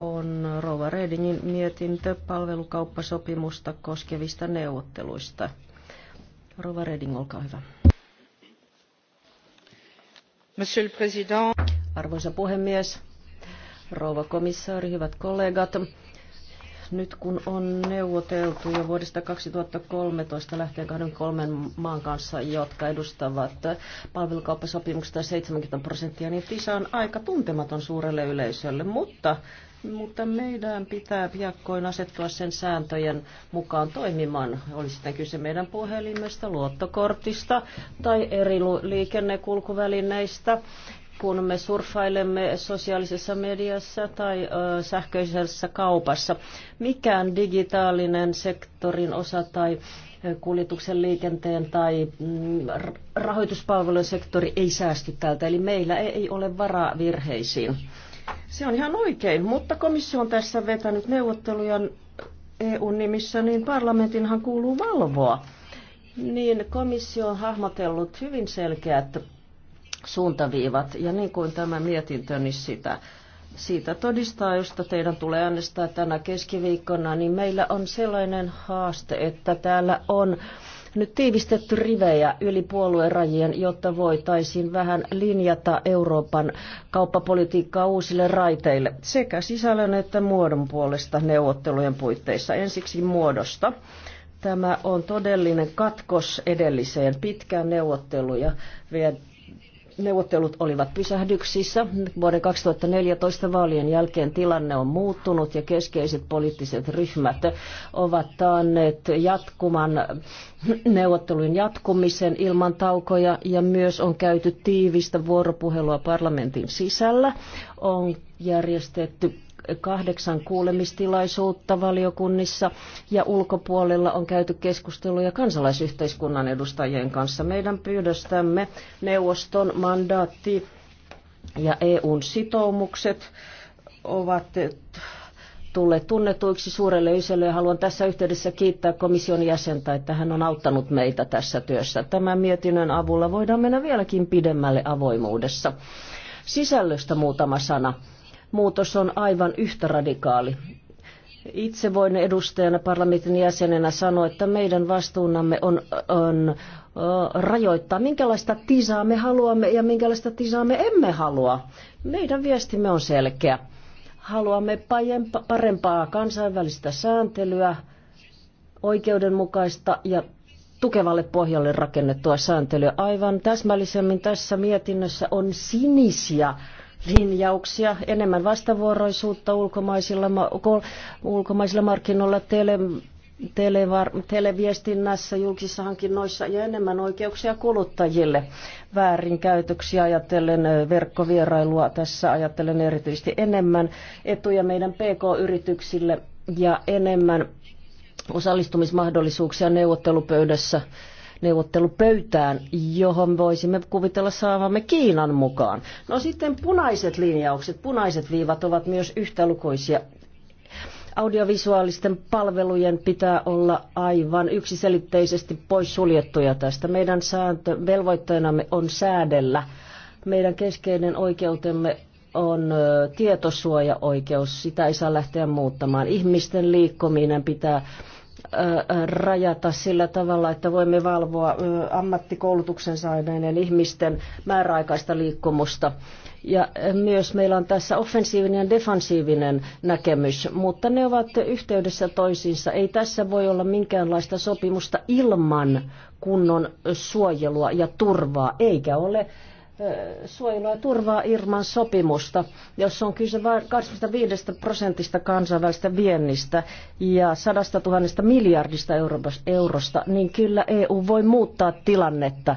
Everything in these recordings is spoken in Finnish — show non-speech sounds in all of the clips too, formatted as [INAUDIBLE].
on Rova Redingin mietintö palvelukauppasopimusta koskevista neuvotteluista. Rova Reding, olkaa hyvä. Monsieur le Président. Arvoisa puhemies, rouva komissaari, hyvät kollegat. Nyt kun on neuvoteltu jo vuodesta 2013 lähtien kahden kolmen maan kanssa, jotka edustavat palvelukauppasopimuksesta 70 prosenttia, niin TISA on aika tuntematon suurelle yleisölle, mutta mutta meidän pitää piakkoin asettua sen sääntöjen mukaan toimimaan. Oli sitten kyse meidän puhelimesta, luottokortista tai eri liikennekulkuvälineistä kun me surffailemme sosiaalisessa mediassa tai ö, sähköisessä kaupassa. Mikään digitaalinen sektorin osa tai kuljetuksen, liikenteen tai mm, rahoituspalvelujen sektori ei säästy tältä, eli meillä ei ole varaa virheisiin. Se on ihan oikein, mutta komissio on tässä vetänyt neuvotteluja EU-nimissä, niin parlamentinhan kuuluu valvoa. Niin komissio on hahmotellut hyvin selkeät suuntaviivat, ja niin kuin tämä mietintö, niin sitä siitä todistaa, josta teidän tulee äänestää tänä keskiviikkona, niin meillä on sellainen haaste, että täällä on nyt tiivistetty rivejä yli puoluerajien, jotta voitaisiin vähän linjata Euroopan kauppapolitiikkaa uusille raiteille sekä sisällön että muodon puolesta neuvottelujen puitteissa. Ensiksi muodosta. Tämä on todellinen katkos edelliseen pitkään neuvotteluja neuvottelut olivat pysähdyksissä. Vuoden 2014 vaalien jälkeen tilanne on muuttunut ja keskeiset poliittiset ryhmät ovat taanneet jatkuman neuvottelujen jatkumisen ilman taukoja ja myös on käyty tiivistä vuoropuhelua parlamentin sisällä. On järjestetty kahdeksan kuulemistilaisuutta valiokunnissa ja ulkopuolella on käyty keskusteluja kansalaisyhteiskunnan edustajien kanssa. Meidän pyydöstämme neuvoston mandaatti ja EUn sitoumukset ovat tulleet tunnetuiksi suurelle yleisölle ja haluan tässä yhteydessä kiittää komission jäsentä, että hän on auttanut meitä tässä työssä. Tämän mietinnön avulla voidaan mennä vieläkin pidemmälle avoimuudessa. Sisällöstä muutama sana muutos on aivan yhtä radikaali. Itse voin edustajana parlamentin jäsenenä sanoa, että meidän vastuunamme on, on rajoittaa, minkälaista tisaa me haluamme ja minkälaista tisaa me emme halua. Meidän viestimme on selkeä. Haluamme parempaa kansainvälistä sääntelyä, oikeudenmukaista ja tukevalle pohjalle rakennettua sääntelyä. Aivan täsmällisemmin tässä mietinnössä on sinisiä linjauksia, enemmän vastavuoroisuutta ulkomaisilla, ulkomaisilla markkinoilla, tele, televar, televiestinnässä, julkisissa hankinnoissa ja enemmän oikeuksia kuluttajille. Väärinkäytöksiä ajatellen verkkovierailua tässä ajattelen erityisesti enemmän etuja meidän PK-yrityksille ja enemmän osallistumismahdollisuuksia neuvottelupöydässä neuvottelupöytään, johon voisimme kuvitella saavamme Kiinan mukaan. No sitten punaiset linjaukset, punaiset viivat ovat myös yhtälukuisia audiovisuaalisten palvelujen pitää olla aivan yksiselitteisesti pois suljettuja tästä. Meidän sääntö, velvoitteenamme on säädellä. Meidän keskeinen oikeutemme on tietosuojaoikeus. Sitä ei saa lähteä muuttamaan. Ihmisten liikkuminen pitää rajata sillä tavalla, että voimme valvoa ammattikoulutuksen saaneiden ihmisten määräaikaista liikkumusta. Ja myös meillä on tässä offensiivinen ja defensiivinen näkemys, mutta ne ovat yhteydessä toisiinsa. Ei tässä voi olla minkäänlaista sopimusta ilman kunnon suojelua ja turvaa, eikä ole suojelua ja turvaa Irman sopimusta, jossa on kyse vain 25 prosentista kansainvälistä viennistä ja 100 000 miljardista eurosta, niin kyllä EU voi muuttaa tilannetta,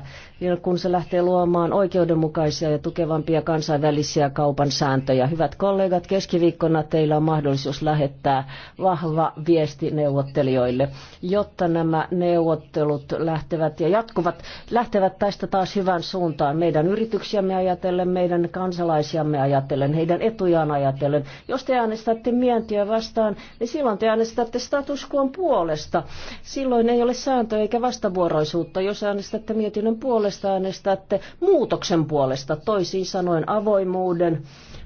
kun se lähtee luomaan oikeudenmukaisia ja tukevampia kansainvälisiä kaupan sääntöjä. Hyvät kollegat, keskiviikkona teillä on mahdollisuus lähettää vahva viesti neuvottelijoille, jotta nämä neuvottelut lähtevät ja jatkuvat, lähtevät tästä taas hyvään suuntaan. Meidän yrittäjät yrityksiämme ajatellen, meidän kansalaisiamme ajatellen, heidän etujaan ajatellen. Jos te äänestätte mientiä vastaan, niin silloin te äänestätte status quo puolesta. Silloin ei ole sääntöä eikä vastavuoroisuutta. Jos äänestätte mietinnön puolesta, äänestätte muutoksen puolesta, toisin sanoen avoimuuden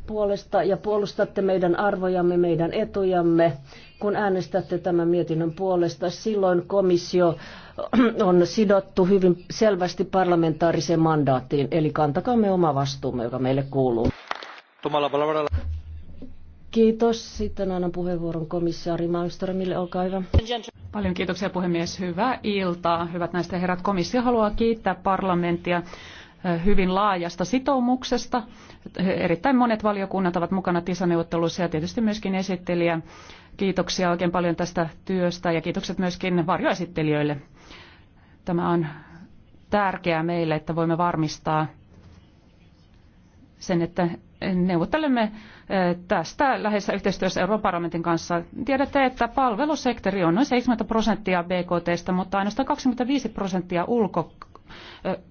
puolesta ja puolustatte meidän arvojamme, meidän etujamme. Kun äänestätte tämän mietinnön puolesta, silloin komissio [CLEARS THROAT] on sidottu hyvin selvästi parlamentaariseen mandaattiin, eli kantakaamme oma vastuumme, joka meille kuuluu. Kiitos. Sitten annan puheenvuoron komissaari Malmströmille. Olkaa hyvä. Paljon kiitoksia puhemies. Hyvää iltaa. Hyvät näistä herrat. Komissio haluaa kiittää parlamenttia hyvin laajasta sitoumuksesta. Erittäin monet valiokunnat ovat mukana TISA-neuvotteluissa ja tietysti myöskin esittelijä. Kiitoksia oikein paljon tästä työstä ja kiitokset myöskin varjoesittelijöille. Tämä on tärkeää meille, että voimme varmistaa sen, että neuvottelemme eh, tästä lähes yhteistyössä Euroopan parlamentin kanssa. Tiedätte, että palvelusektori on noin 70 prosenttia BKTstä, mutta ainoastaan 25 prosenttia ulko,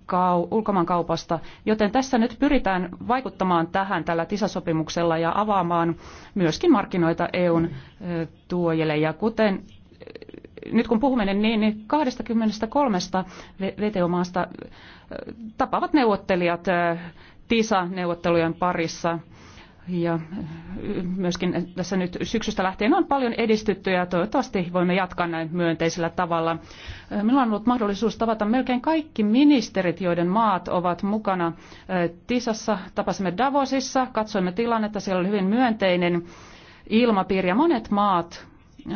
kau, ulkomaankaupasta. Joten tässä nyt pyritään vaikuttamaan tähän tällä TISA-sopimuksella ja avaamaan myöskin markkinoita EUn tuojille. Ja kuten nyt kun puhumme, niin, niin 23 niin VTO-maasta tapaavat neuvottelijat TISA-neuvottelujen parissa – ja myöskin tässä nyt syksystä lähtien on paljon edistytty ja toivottavasti voimme jatkaa näin myönteisellä tavalla. Minulla on ollut mahdollisuus tavata melkein kaikki ministerit, joiden maat ovat mukana Tisassa. Tapasimme Davosissa, katsoimme tilannetta, siellä oli hyvin myönteinen ilmapiiri ja monet maat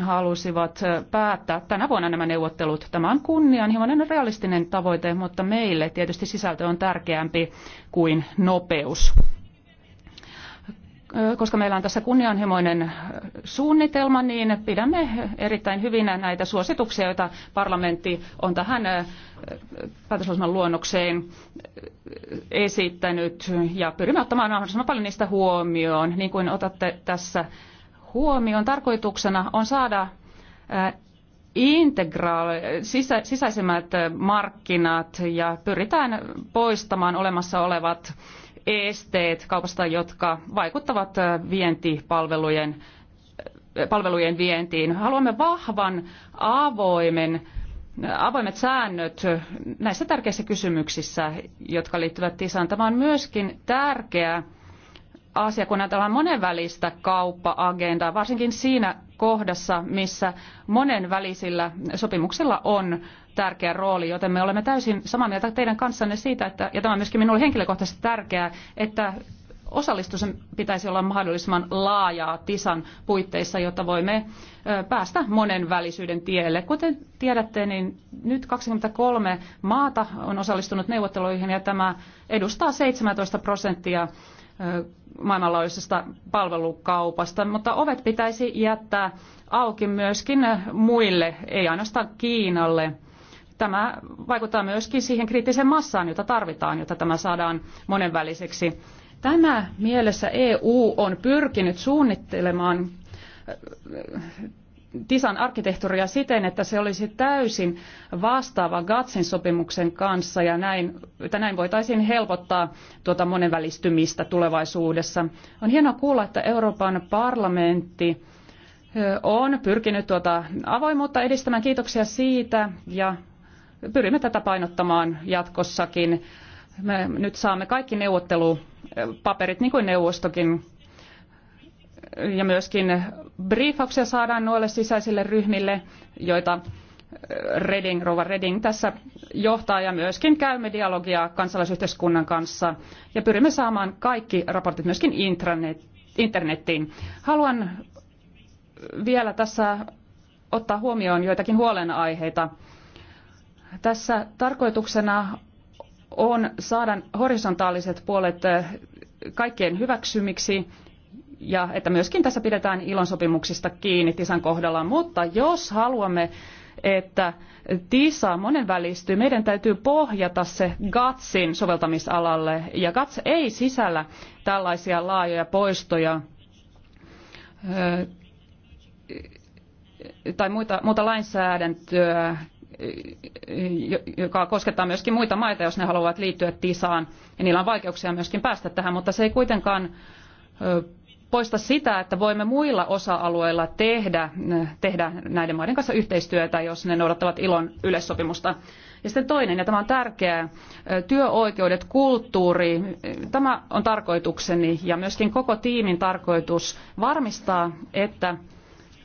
halusivat päättää tänä vuonna nämä neuvottelut. Tämä on kunnianhimoinen realistinen tavoite, mutta meille tietysti sisältö on tärkeämpi kuin nopeus koska meillä on tässä kunnianhimoinen suunnitelma, niin pidämme erittäin hyvinä näitä suosituksia, joita parlamentti on tähän päätöslausuman luonnokseen esittänyt. Ja pyrimme ottamaan mahdollisimman paljon niistä huomioon. Niin kuin otatte tässä huomioon, tarkoituksena on saada integraal, sisä, sisäisemmät markkinat ja pyritään poistamaan olemassa olevat esteet kaupasta, jotka vaikuttavat vientipalvelujen palvelujen vientiin. Haluamme vahvan, avoimen, avoimet säännöt näissä tärkeissä kysymyksissä, jotka liittyvät TISAan. Tämä on myöskin tärkeää asia, kun ajatellaan monenvälistä kauppa-agendaa, varsinkin siinä kohdassa, missä monenvälisillä sopimuksilla on tärkeä rooli, joten me olemme täysin samaa mieltä teidän kanssanne siitä, että, ja tämä on myöskin minulle henkilökohtaisesti tärkeää, että osallistumisen pitäisi olla mahdollisimman laajaa TISAn puitteissa, jotta voimme päästä monenvälisyyden tielle. Kuten tiedätte, niin nyt 23 maata on osallistunut neuvotteluihin ja tämä edustaa 17 prosenttia maailmanlaajuisesta palvelukaupasta, mutta ovet pitäisi jättää auki myöskin muille, ei ainoastaan Kiinalle. Tämä vaikuttaa myöskin siihen kriittiseen massaan, jota tarvitaan, jotta tämä saadaan monenväliseksi. Tämä mielessä EU on pyrkinyt suunnittelemaan TISAn arkkitehtuuria siten, että se olisi täysin vastaava GATSin sopimuksen kanssa ja näin, että näin voitaisiin helpottaa tuota monenvälistymistä tulevaisuudessa. On hienoa kuulla, että Euroopan parlamentti on pyrkinyt tuota avoimuutta edistämään. Kiitoksia siitä ja pyrimme tätä painottamaan jatkossakin. Me nyt saamme kaikki neuvottelupaperit, niin kuin neuvostokin ja myöskin briefauksia saadaan noille sisäisille ryhmille, joita äh, Reding, Rova Reding tässä johtaa ja myöskin käymme dialogia kansalaisyhteiskunnan kanssa ja pyrimme saamaan kaikki raportit myöskin intranet, internettiin. Haluan vielä tässä ottaa huomioon joitakin huolenaiheita. Tässä tarkoituksena on saada horisontaaliset puolet äh, kaikkien hyväksymiksi ja että myöskin tässä pidetään ilon sopimuksista kiinni Tisan kohdalla. Mutta jos haluamme, että Tisa monenvälistyy, meidän täytyy pohjata se GATSin soveltamisalalle. Ja GATS ei sisällä tällaisia laajoja poistoja tai muita, muuta lainsäädäntöä, joka koskettaa myöskin muita maita, jos ne haluavat liittyä TISAan. Ja niillä on vaikeuksia myöskin päästä tähän, mutta se ei kuitenkaan poista sitä, että voimme muilla osa-alueilla tehdä, tehdä näiden maiden kanssa yhteistyötä, jos ne noudattavat ilon yleissopimusta. Ja sitten toinen, ja tämä on tärkeää, työoikeudet, kulttuuri, tämä on tarkoitukseni ja myöskin koko tiimin tarkoitus varmistaa, että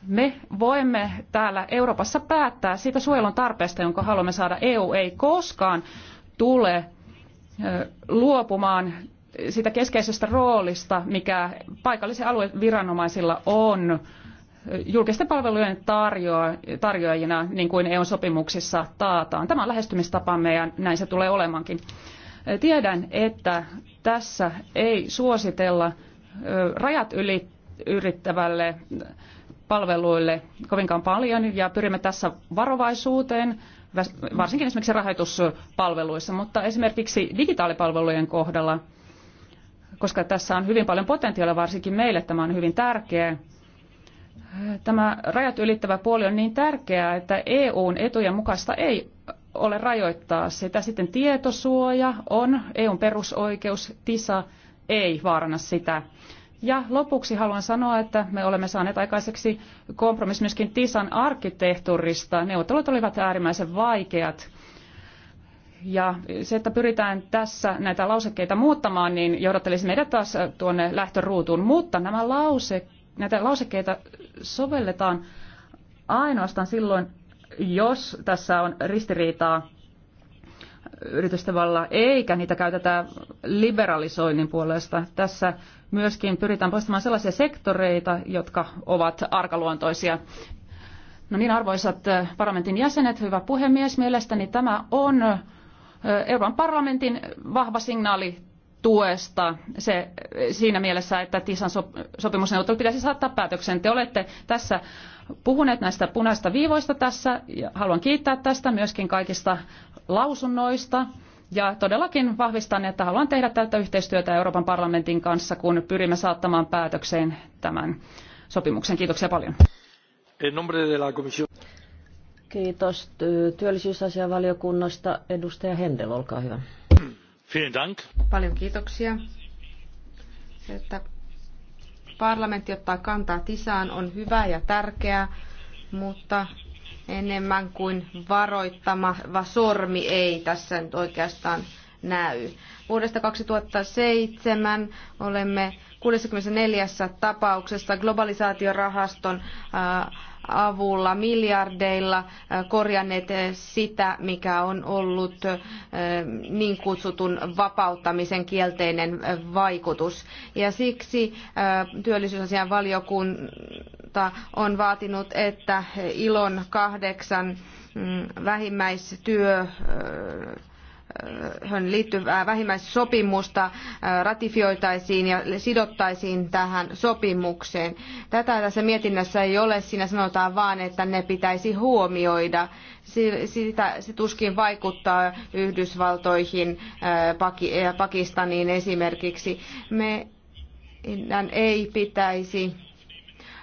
me voimme täällä Euroopassa päättää siitä suojelun tarpeesta, jonka haluamme saada. EU ei koskaan tule luopumaan siitä keskeisestä roolista, mikä paikallisen alueviranomaisilla on julkisten palvelujen tarjoajina, niin kuin EU-sopimuksissa taataan. Tämä on lähestymistapamme ja näin se tulee olemankin. Tiedän, että tässä ei suositella rajat yli, yrittävälle palveluille kovinkaan paljon ja pyrimme tässä varovaisuuteen, varsinkin esimerkiksi rahoituspalveluissa, mutta esimerkiksi digitaalipalvelujen kohdalla – koska tässä on hyvin paljon potentiaalia, varsinkin meille tämä on hyvin tärkeä. Tämä rajat ylittävä puoli on niin tärkeää, että EUn etujen mukaista ei ole rajoittaa sitä. Sitten tietosuoja on EUn perusoikeus, TISA ei vaarana sitä. Ja lopuksi haluan sanoa, että me olemme saaneet aikaiseksi kompromissi myöskin TISAn arkkitehtuurista. Neuvottelut olivat äärimmäisen vaikeat ja se, että pyritään tässä näitä lausekkeita muuttamaan, niin johdattelisi meidät taas tuonne lähtöruutuun. Mutta nämä lause, näitä lausekkeita sovelletaan ainoastaan silloin, jos tässä on ristiriitaa yritystavalla, eikä niitä käytetä liberalisoinnin puolesta. Tässä myöskin pyritään poistamaan sellaisia sektoreita, jotka ovat arkaluontoisia. No niin, arvoisat eh, parlamentin jäsenet, hyvä puhemies, mielestäni tämä on Euroopan parlamentin vahva signaali tuesta se, siinä mielessä, että Tisan sopimusneuvottelut pitäisi saattaa päätökseen. Te olette tässä puhuneet näistä punaista viivoista tässä ja haluan kiittää tästä myöskin kaikista lausunnoista. Ja todellakin vahvistan, että haluan tehdä täyttä yhteistyötä Euroopan parlamentin kanssa, kun pyrimme saattamaan päätökseen tämän sopimuksen. Kiitoksia paljon. Kiitos työllisyysasiavaliokunnasta. Edustaja Hendel, olkaa hyvä. Dank. Paljon kiitoksia. Se, että parlamentti ottaa kantaa tisaan on hyvä ja tärkeä, mutta enemmän kuin varoittama sormi ei tässä nyt oikeastaan näy. Vuodesta 2007 olemme 64 tapauksessa globalisaatiorahaston äh, avulla miljardeilla äh, korjanneet äh, sitä, mikä on ollut niin kutsutun vapauttamisen kielteinen vaikutus. Ja siksi työllisyysasian valiokunta on vaatinut, että ilon kahdeksan mm, vähimmäistyö Äh, liittyvää vähimmäissopimusta äh, ratifioitaisiin ja sidottaisiin tähän sopimukseen. Tätä tässä mietinnössä ei ole, siinä sanotaan vaan, että ne pitäisi huomioida. Sitä, se tuskin vaikuttaa Yhdysvaltoihin äh, ja Pakistaniin esimerkiksi. Meidän ei pitäisi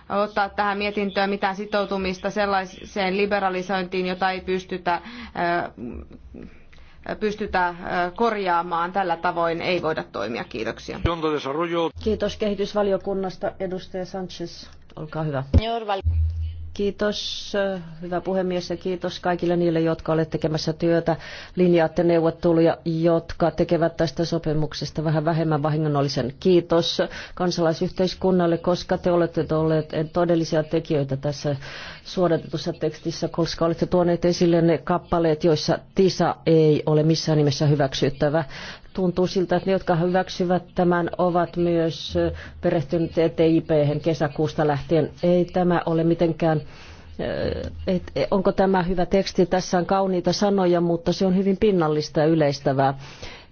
ottaa tähän mietintöön mitään sitoutumista sellaiseen liberalisointiin, jota ei pystytä pystytä korjaamaan. Tällä tavoin ei voida toimia. Kiitoksia. Kiitos kehitysvaliokunnasta. Edustaja Sanchez, olkaa hyvä. Kiitos, hyvä puhemies, ja kiitos kaikille niille, jotka olette tekemässä työtä. Linjaatte neuvotteluja, jotka tekevät tästä sopimuksesta vähän vähemmän vahingonollisen. Kiitos kansalaisyhteiskunnalle, koska te olette olleet todellisia tekijöitä tässä suodatetussa tekstissä, koska olette tuoneet esille ne kappaleet, joissa TISA ei ole missään nimessä hyväksyttävä tuntuu siltä, että ne, jotka hyväksyvät tämän, ovat myös perehtyneet e tip kesäkuusta lähtien. Ei tämä ole mitenkään eh, et, onko tämä hyvä teksti. Tässä on kauniita sanoja, mutta se on hyvin pinnallista ja yleistävää.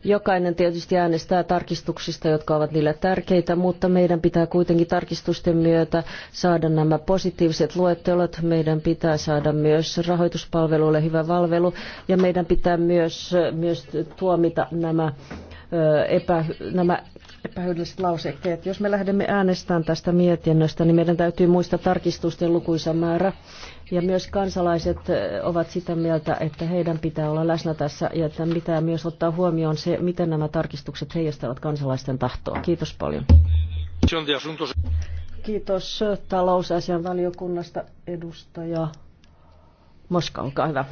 Jokainen tietysti äänestää tarkistuksista, jotka ovat niille tärkeitä, mutta meidän pitää kuitenkin tarkistusten myötä saada nämä positiiviset luettelot. Meidän pitää saada myös rahoituspalveluille hyvä palvelu ja meidän pitää myös, myös tuomita nämä, epä, nämä epähyödylliset lausekkeet. Jos me lähdemme äänestämään tästä mietinnöstä, niin meidän täytyy muistaa tarkistusten lukuisa määrä. Ja myös kansalaiset ovat sitä mieltä, että heidän pitää olla läsnä tässä ja että pitää myös ottaa huomioon se, miten nämä tarkistukset heijastavat kansalaisten tahtoa. Kiitos paljon. Kiitos talousasian valiokunnasta edustaja Moska, olkaa hyvä.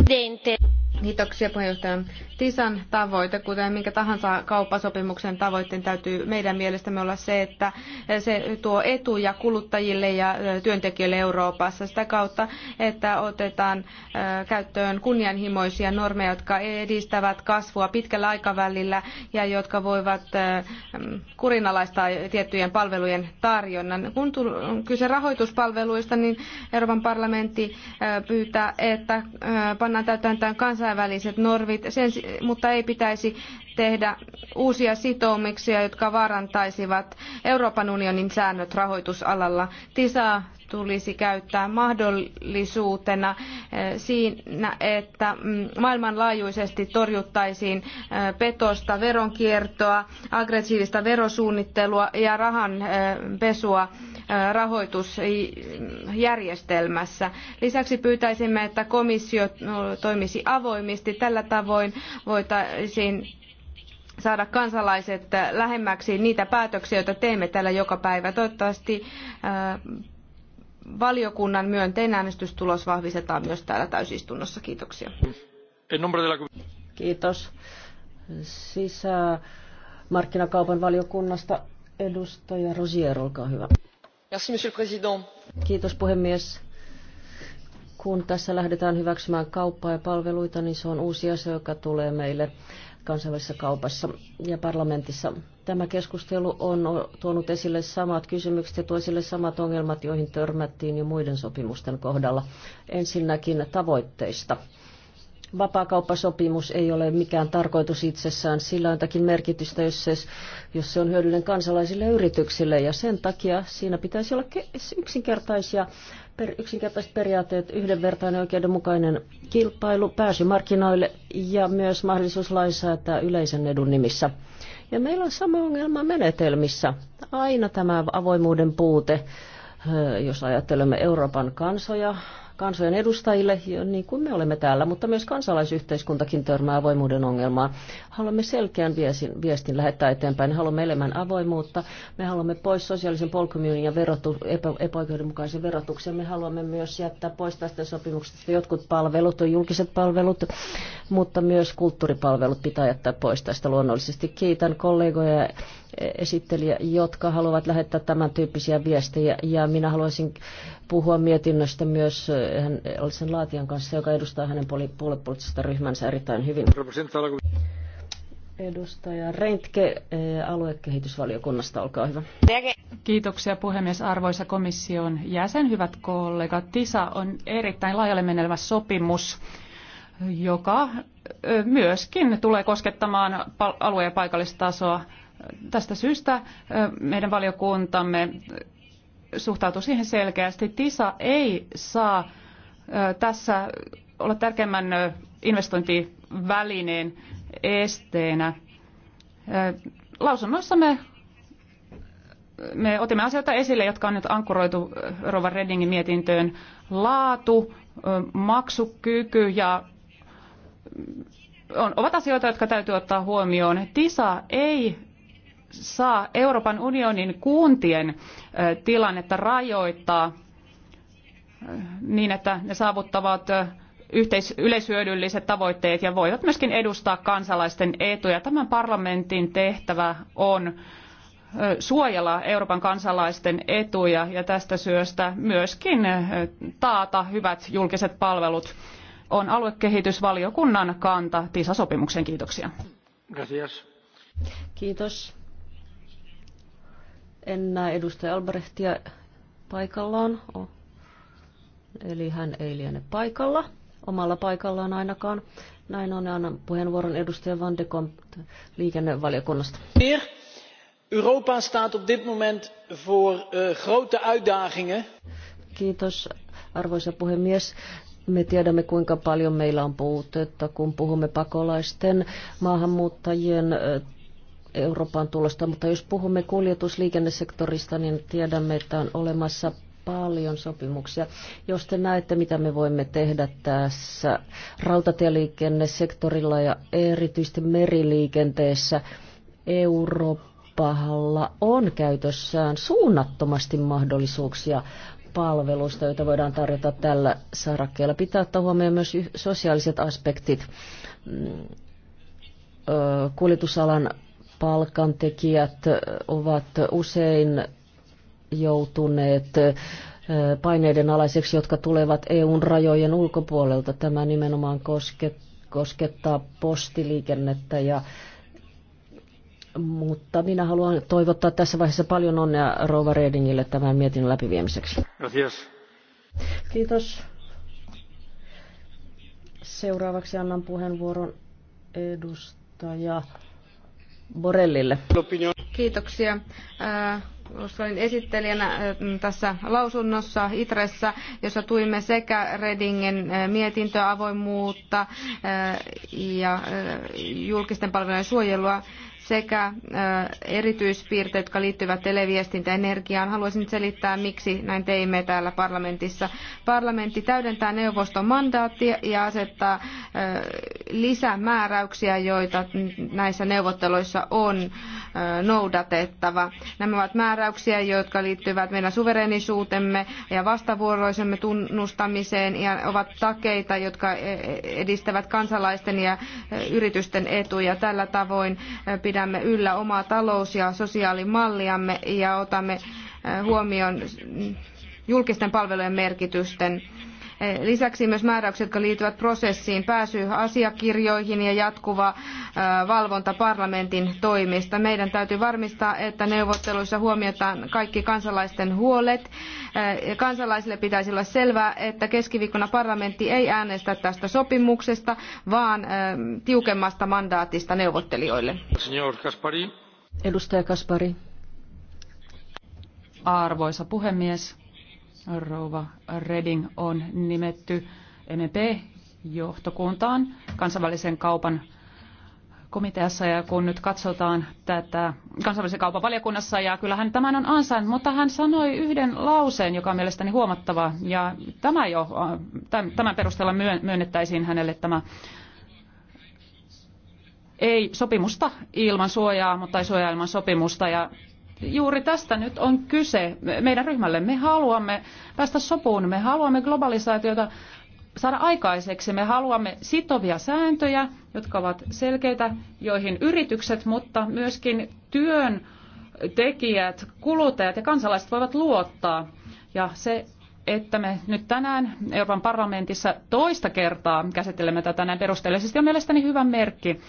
Kiitoksia puheenjohtaja. TISAN tavoite, kuten minkä tahansa kauppasopimuksen tavoitteen täytyy meidän mielestämme olla se, että se tuo etuja kuluttajille ja työntekijöille Euroopassa sitä kautta, että otetaan käyttöön kunnianhimoisia normeja, jotka edistävät kasvua pitkällä aikavälillä ja jotka voivat kurinalaistaa tiettyjen palvelujen tarjonnan. Kun on kyse rahoituspalveluista, niin Euroopan parlamentti pyytää, että pannaan täytäntöön kansan kansainväliset normit, sen, mutta ei pitäisi tehdä uusia sitoumuksia, jotka vaarantaisivat Euroopan unionin säännöt rahoitusalalla. TISA tulisi käyttää mahdollisuutena eh, siinä, että mm, maailmanlaajuisesti torjuttaisiin eh, petosta, veronkiertoa, aggressiivista verosuunnittelua ja rahanpesua rahoitusjärjestelmässä. Lisäksi pyytäisimme, että komissio toimisi avoimesti. Tällä tavoin voitaisiin saada kansalaiset lähemmäksi niitä päätöksiä, joita teemme täällä joka päivä. Toivottavasti valiokunnan myönteinen äänestystulos vahvistetaan myös täällä täysistunnossa. Kiitoksia. Kiitos. Sisämarkkinakaupan valiokunnasta edustaja Rosier, olkaa hyvä. Kiitos puhemies. Kun tässä lähdetään hyväksymään kauppaa ja palveluita, niin se on uusi asia, joka tulee meille kansainvälisessä kaupassa ja parlamentissa. Tämä keskustelu on tuonut esille samat kysymykset ja toisille samat ongelmat, joihin törmättiin jo muiden sopimusten kohdalla. Ensinnäkin tavoitteista. Vapaakauppasopimus ei ole mikään tarkoitus itsessään. Sillä on jotakin merkitystä, jos se, jos se on hyödyllinen kansalaisille ja yrityksille. Ja sen takia siinä pitäisi olla yksinkertaisia per, yksinkertaiset periaatteet, yhdenvertainen oikeudenmukainen kilpailu, pääsy markkinoille ja myös mahdollisuus lainsäätää yleisen edun nimissä. Ja meillä on sama ongelma menetelmissä. Aina tämä avoimuuden puute, jos ajattelemme Euroopan kansoja, kansojen edustajille, niin kuin me olemme täällä, mutta myös kansalaisyhteiskuntakin törmää avoimuuden ongelmaan. Haluamme selkeän viestin, viestin lähettää eteenpäin. Haluamme elämän avoimuutta. Me haluamme pois sosiaalisen polkumyynin ja verotu, epä, epäoikeudenmukaisen verotuksen. Me haluamme myös jättää pois tästä sopimuksesta jotkut palvelut, on julkiset palvelut, mutta myös kulttuuripalvelut pitää jättää pois tästä luonnollisesti. Kiitän kollegoja esittelijä, jotka haluavat lähettää tämän tyyppisiä viestejä. Ja minä haluaisin puhua mietinnöstä myös äh, hän oli sen laatijan kanssa, joka edustaa hänen puoluepoliittisesta ryhmänsä erittäin hyvin. Edustaja Reintke äh, aluekehitysvaliokunnasta, olkaa hyvä. Kiitoksia puhemies, arvoisa komission jäsen, hyvät kollegat. TISA on erittäin laajalle menevä sopimus, joka äh, myöskin tulee koskettamaan alue- ja paikallistasoa. Tästä syystä meidän valiokuntamme suhtautui siihen selkeästi. TISA ei saa tässä olla tärkeimmän investointivälineen esteenä. me, me otimme asioita esille, jotka on nyt ankkuroitu Rova Reddingin mietintöön. Laatu, maksukyky ja mm, on, ovat asioita, jotka täytyy ottaa huomioon. TISA ei saa Euroopan unionin kuntien tilannetta rajoittaa niin, että ne saavuttavat yhteis- yleishyödylliset tavoitteet ja voivat myöskin edustaa kansalaisten etuja. Tämän parlamentin tehtävä on suojella Euroopan kansalaisten etuja ja tästä syöstä myöskin taata hyvät julkiset palvelut on aluekehitysvaliokunnan kanta TISA-sopimukseen. Kiitoksia. Gracias. Kiitos. En näe edustaja Albrehtia paikallaan. Oh. Eli hän ei liene paikalla, omalla paikallaan ainakaan. Näin on, annan puheenvuoron edustaja Van de Kom liikennevaliokunnasta. Europa staat op dit moment voor uh, grote uitdagingen. Kiitos, arvoisa puhemies. Me tiedämme, kuinka paljon meillä on puutetta, kun puhumme pakolaisten, maahanmuuttajien eh, Euroopan tulosta, mutta jos puhumme kuljetusliikennesektorista, niin tiedämme, että on olemassa paljon sopimuksia. Jos te näette, mitä me voimme tehdä tässä rautatieliikennesektorilla ja erityisesti meriliikenteessä, Euroopalla on käytössään suunnattomasti mahdollisuuksia palveluista, joita voidaan tarjota tällä sarakkeella. Pitää ottaa huomioon myös sosiaaliset aspektit mm, kuljetusalan palkantekijät ovat usein joutuneet paineiden alaiseksi, jotka tulevat EUn rajojen ulkopuolelta. Tämä nimenomaan koskettaa postiliikennettä ja mutta minä haluan toivottaa tässä vaiheessa paljon onnea Rova Redingille tämän mietinnön läpiviemiseksi. Kiitos. Kiitos. Seuraavaksi annan puheenvuoron edustaja Borellille. Kiitoksia. Äh, olin esittelijänä äh, tässä lausunnossa Itressä, jossa tuimme sekä Redingen äh, mietintöä avoimuutta ja julkisten palvelujen suojelua sekä erityispiirteet, jotka liittyvät televiestintäenergiaan. Haluaisin selittää, miksi näin teimme täällä parlamentissa. Parlamentti täydentää neuvoston mandaattia ja asettaa lisämääräyksiä, joita näissä neuvotteluissa on noudatettava. Nämä ovat määräyksiä, jotka liittyvät meidän suverenisuutemme ja vastavuoroisemme tunnustamiseen ja ovat takeita, jotka e, e, edistävät kansalaisten ja yritysten etuja. Tällä tavoin pidän pidämme yllä omaa talous- ja sosiaalimalliamme ja otamme eh, huomioon julkisten palvelujen merkitysten Lisäksi myös määräykset, jotka liittyvät prosessiin, pääsy asiakirjoihin ja jatkuva valvonta parlamentin toimista. Meidän täytyy varmistaa, että neuvotteluissa huomioidaan kaikki kansalaisten huolet. Kansalaisille pitäisi olla selvää, että keskiviikkona parlamentti ei äänestä tästä sopimuksesta, vaan tiukemmasta mandaatista neuvottelijoille. Edustaja Kaspari. Arvoisa puhemies, Rouva Reding on nimetty MEP-johtokuntaan kansainvälisen kaupan komiteassa ja kun nyt katsotaan tätä kansainvälisen kaupan valiokunnassa ja kyllähän tämän on ansainnut, mutta hän sanoi yhden lauseen, joka on mielestäni huomattava ja tämä jo, tämän perusteella myönnettäisiin hänelle tämä ei sopimusta ilman suojaa, mutta ei suojaa ilman sopimusta ja juuri tästä nyt on kyse meidän ryhmälle. Me haluamme päästä sopuun, me haluamme globalisaatiota saada aikaiseksi. Me haluamme sitovia sääntöjä, jotka ovat selkeitä, joihin yritykset, mutta myöskin työn tekijät, kuluttajat ja kansalaiset voivat luottaa. Ja se, että me nyt tänään Euroopan parlamentissa toista kertaa käsittelemme tätä näin perusteellisesti, on mielestäni hyvä merkki.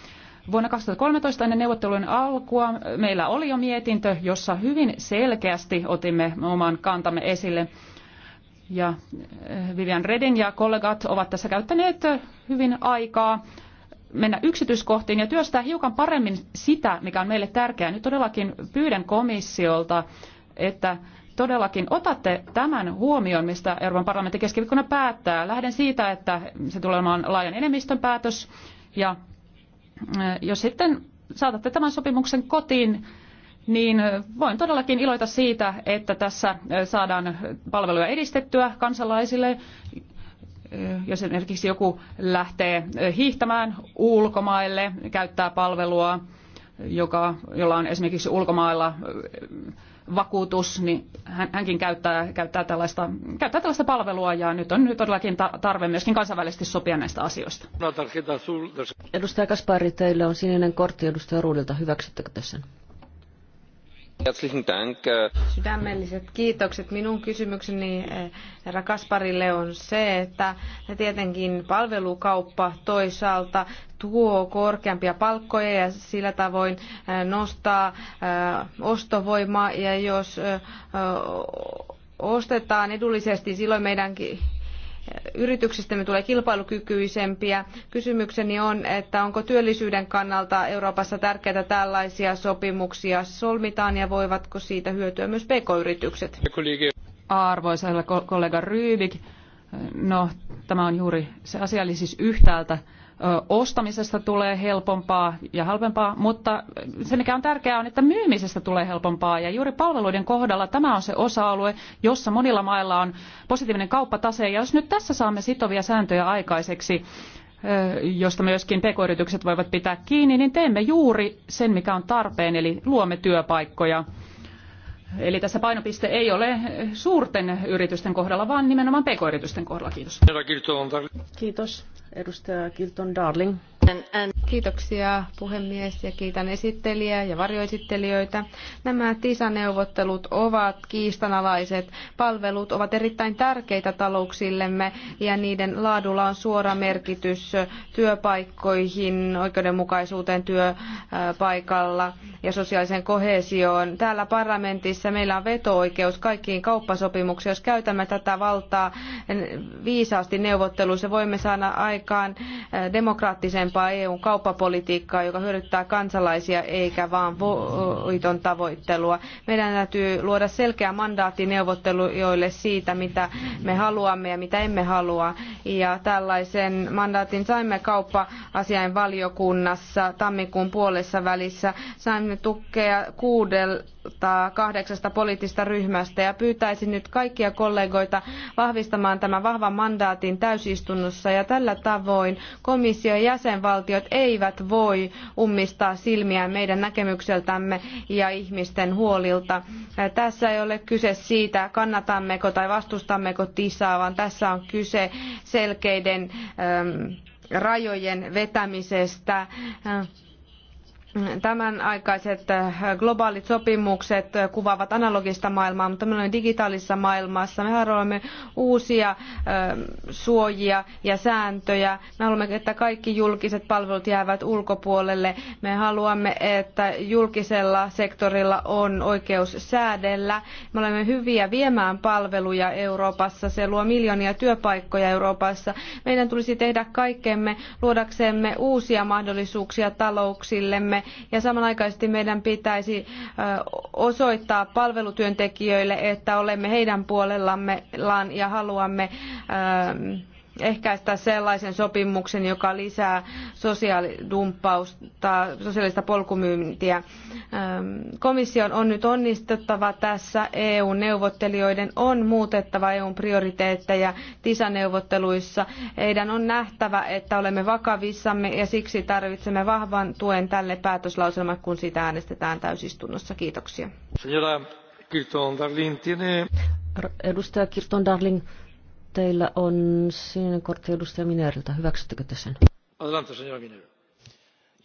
Vuonna 2013 ennen neuvottelujen alkua meillä oli jo mietintö, jossa hyvin selkeästi otimme oman kantamme esille. Ja eh, Vivian Redin ja kollegat ovat tässä käyttäneet eh, hyvin aikaa mennä yksityiskohtiin ja työstää hiukan paremmin sitä, mikä on meille tärkeää. Nyt todellakin pyydän komissiolta, että todellakin otatte tämän huomioon, mistä Euroopan parlamentti keskiviikkona päättää. Lähden siitä, että se tulee olemaan laajan enemmistön päätös ja jos sitten saatatte tämän sopimuksen kotiin, niin voin todellakin iloita siitä, että tässä saadaan palveluja edistettyä kansalaisille. Jos esimerkiksi joku lähtee hiihtämään ulkomaille, käyttää palvelua, joka, jolla on esimerkiksi ulkomailla vakuutus, niin hänkin käyttää, käyttää, tällaista, käyttää tällaista palvelua ja nyt on nyt todellakin tarve myöskin kansainvälisesti sopia näistä asioista. Edustaja Kaspari, teillä on sininen kortti edustaja Ruudilta. Hyväksyttekö tässä? Sydämelliset kiitokset. Minun kysymykseni eh, herra Kasparille on se, että tietenkin palvelukauppa toisaalta tuo korkeampia palkkoja ja sillä tavoin nostaa ostovoimaa ja jos ostetaan edullisesti, silloin meidän yrityksistämme tulee kilpailukykyisempiä. Kysymykseni on, että onko työllisyyden kannalta Euroopassa tärkeää tällaisia sopimuksia solmitaan ja voivatko siitä hyötyä myös pk-yritykset? Arvoisa kollega Rybik, no tämä on juuri se asia, eli siis yhtäältä ostamisesta tulee helpompaa ja halvempaa, mutta se mikä on tärkeää on, että myymisestä tulee helpompaa ja juuri palveluiden kohdalla tämä on se osa-alue, jossa monilla mailla on positiivinen kauppatase ja jos nyt tässä saamme sitovia sääntöjä aikaiseksi, josta myöskin pk-yritykset voivat pitää kiinni, niin teemme juuri sen, mikä on tarpeen, eli luomme työpaikkoja Eli tässä painopiste ei ole suurten yritysten kohdalla, vaan nimenomaan pk-yritysten kohdalla. Kiitos. Kiitos, edustaja Kilton Darling. Kiitoksia puhemies ja kiitän esittelijää ja varjoesittelijöitä. Nämä TISA-neuvottelut ovat kiistanalaiset. Palvelut ovat erittäin tärkeitä talouksillemme ja niiden laadulla on suora merkitys työpaikkoihin, oikeudenmukaisuuteen työpaikalla ja sosiaaliseen kohesioon. Täällä parlamentissa meillä on veto-oikeus kaikkiin kauppasopimuksiin. Jos käytämme tätä valtaa viisaasti neuvotteluissa, voimme saada aikaan demokraattisempaa EUn kauppaa kauppapolitiikkaa, joka hyödyttää kansalaisia eikä vain voiton tavoittelua. Meidän täytyy luoda selkeä mandaatti neuvottelijoille siitä, mitä me haluamme ja mitä emme halua. Ja tällaisen mandaatin saimme kauppa-asiain valiokunnassa tammikuun puolessa välissä. Saimme tukea kuudelta kahdeksasta poliittista ryhmästä ja pyytäisin nyt kaikkia kollegoita vahvistamaan tämän vahvan mandaatin täysistunnossa ja tällä tavoin komission jäsenvaltiot eivät eivät voi ummistaa silmiään meidän näkemykseltämme ja ihmisten huolilta. Tässä ei ole kyse siitä, kannatammeko tai vastustammeko tisaa, vaan tässä on kyse selkeiden rajojen vetämisestä. Tämän aikaiset äh, globaalit sopimukset äh, kuvaavat analogista maailmaa, mutta me olemme digitaalisessa maailmassa. Me haluamme uusia äh, suojia ja sääntöjä. Me haluamme, että kaikki julkiset palvelut jäävät ulkopuolelle. Me haluamme, että julkisella sektorilla on oikeus säädellä. Me olemme hyviä viemään palveluja Euroopassa. Se luo miljoonia työpaikkoja Euroopassa. Meidän tulisi tehdä kaikkemme luodaksemme uusia mahdollisuuksia talouksillemme ja samanaikaisesti meidän pitäisi osoittaa palvelutyöntekijöille, että olemme heidän puolellaan ja haluamme ehkäistä sellaisen sopimuksen, joka lisää sosiaalidumppausta, sosiaalista polkumyyntiä. Ähm, komission on nyt onnistuttava tässä. EU-neuvottelijoiden on muutettava EUn prioriteetteja TISA-neuvotteluissa. Heidän on nähtävä, että olemme vakavissamme ja siksi tarvitsemme vahvan tuen tälle päätöslauselmalle, kun siitä äänestetään täysistunnossa. Kiitoksia. Edustaja Kirton Darling, Teillä on sininen kortti edustaja Mineriltä. Hyväksyttekö te sen? Adelante, señora Minero.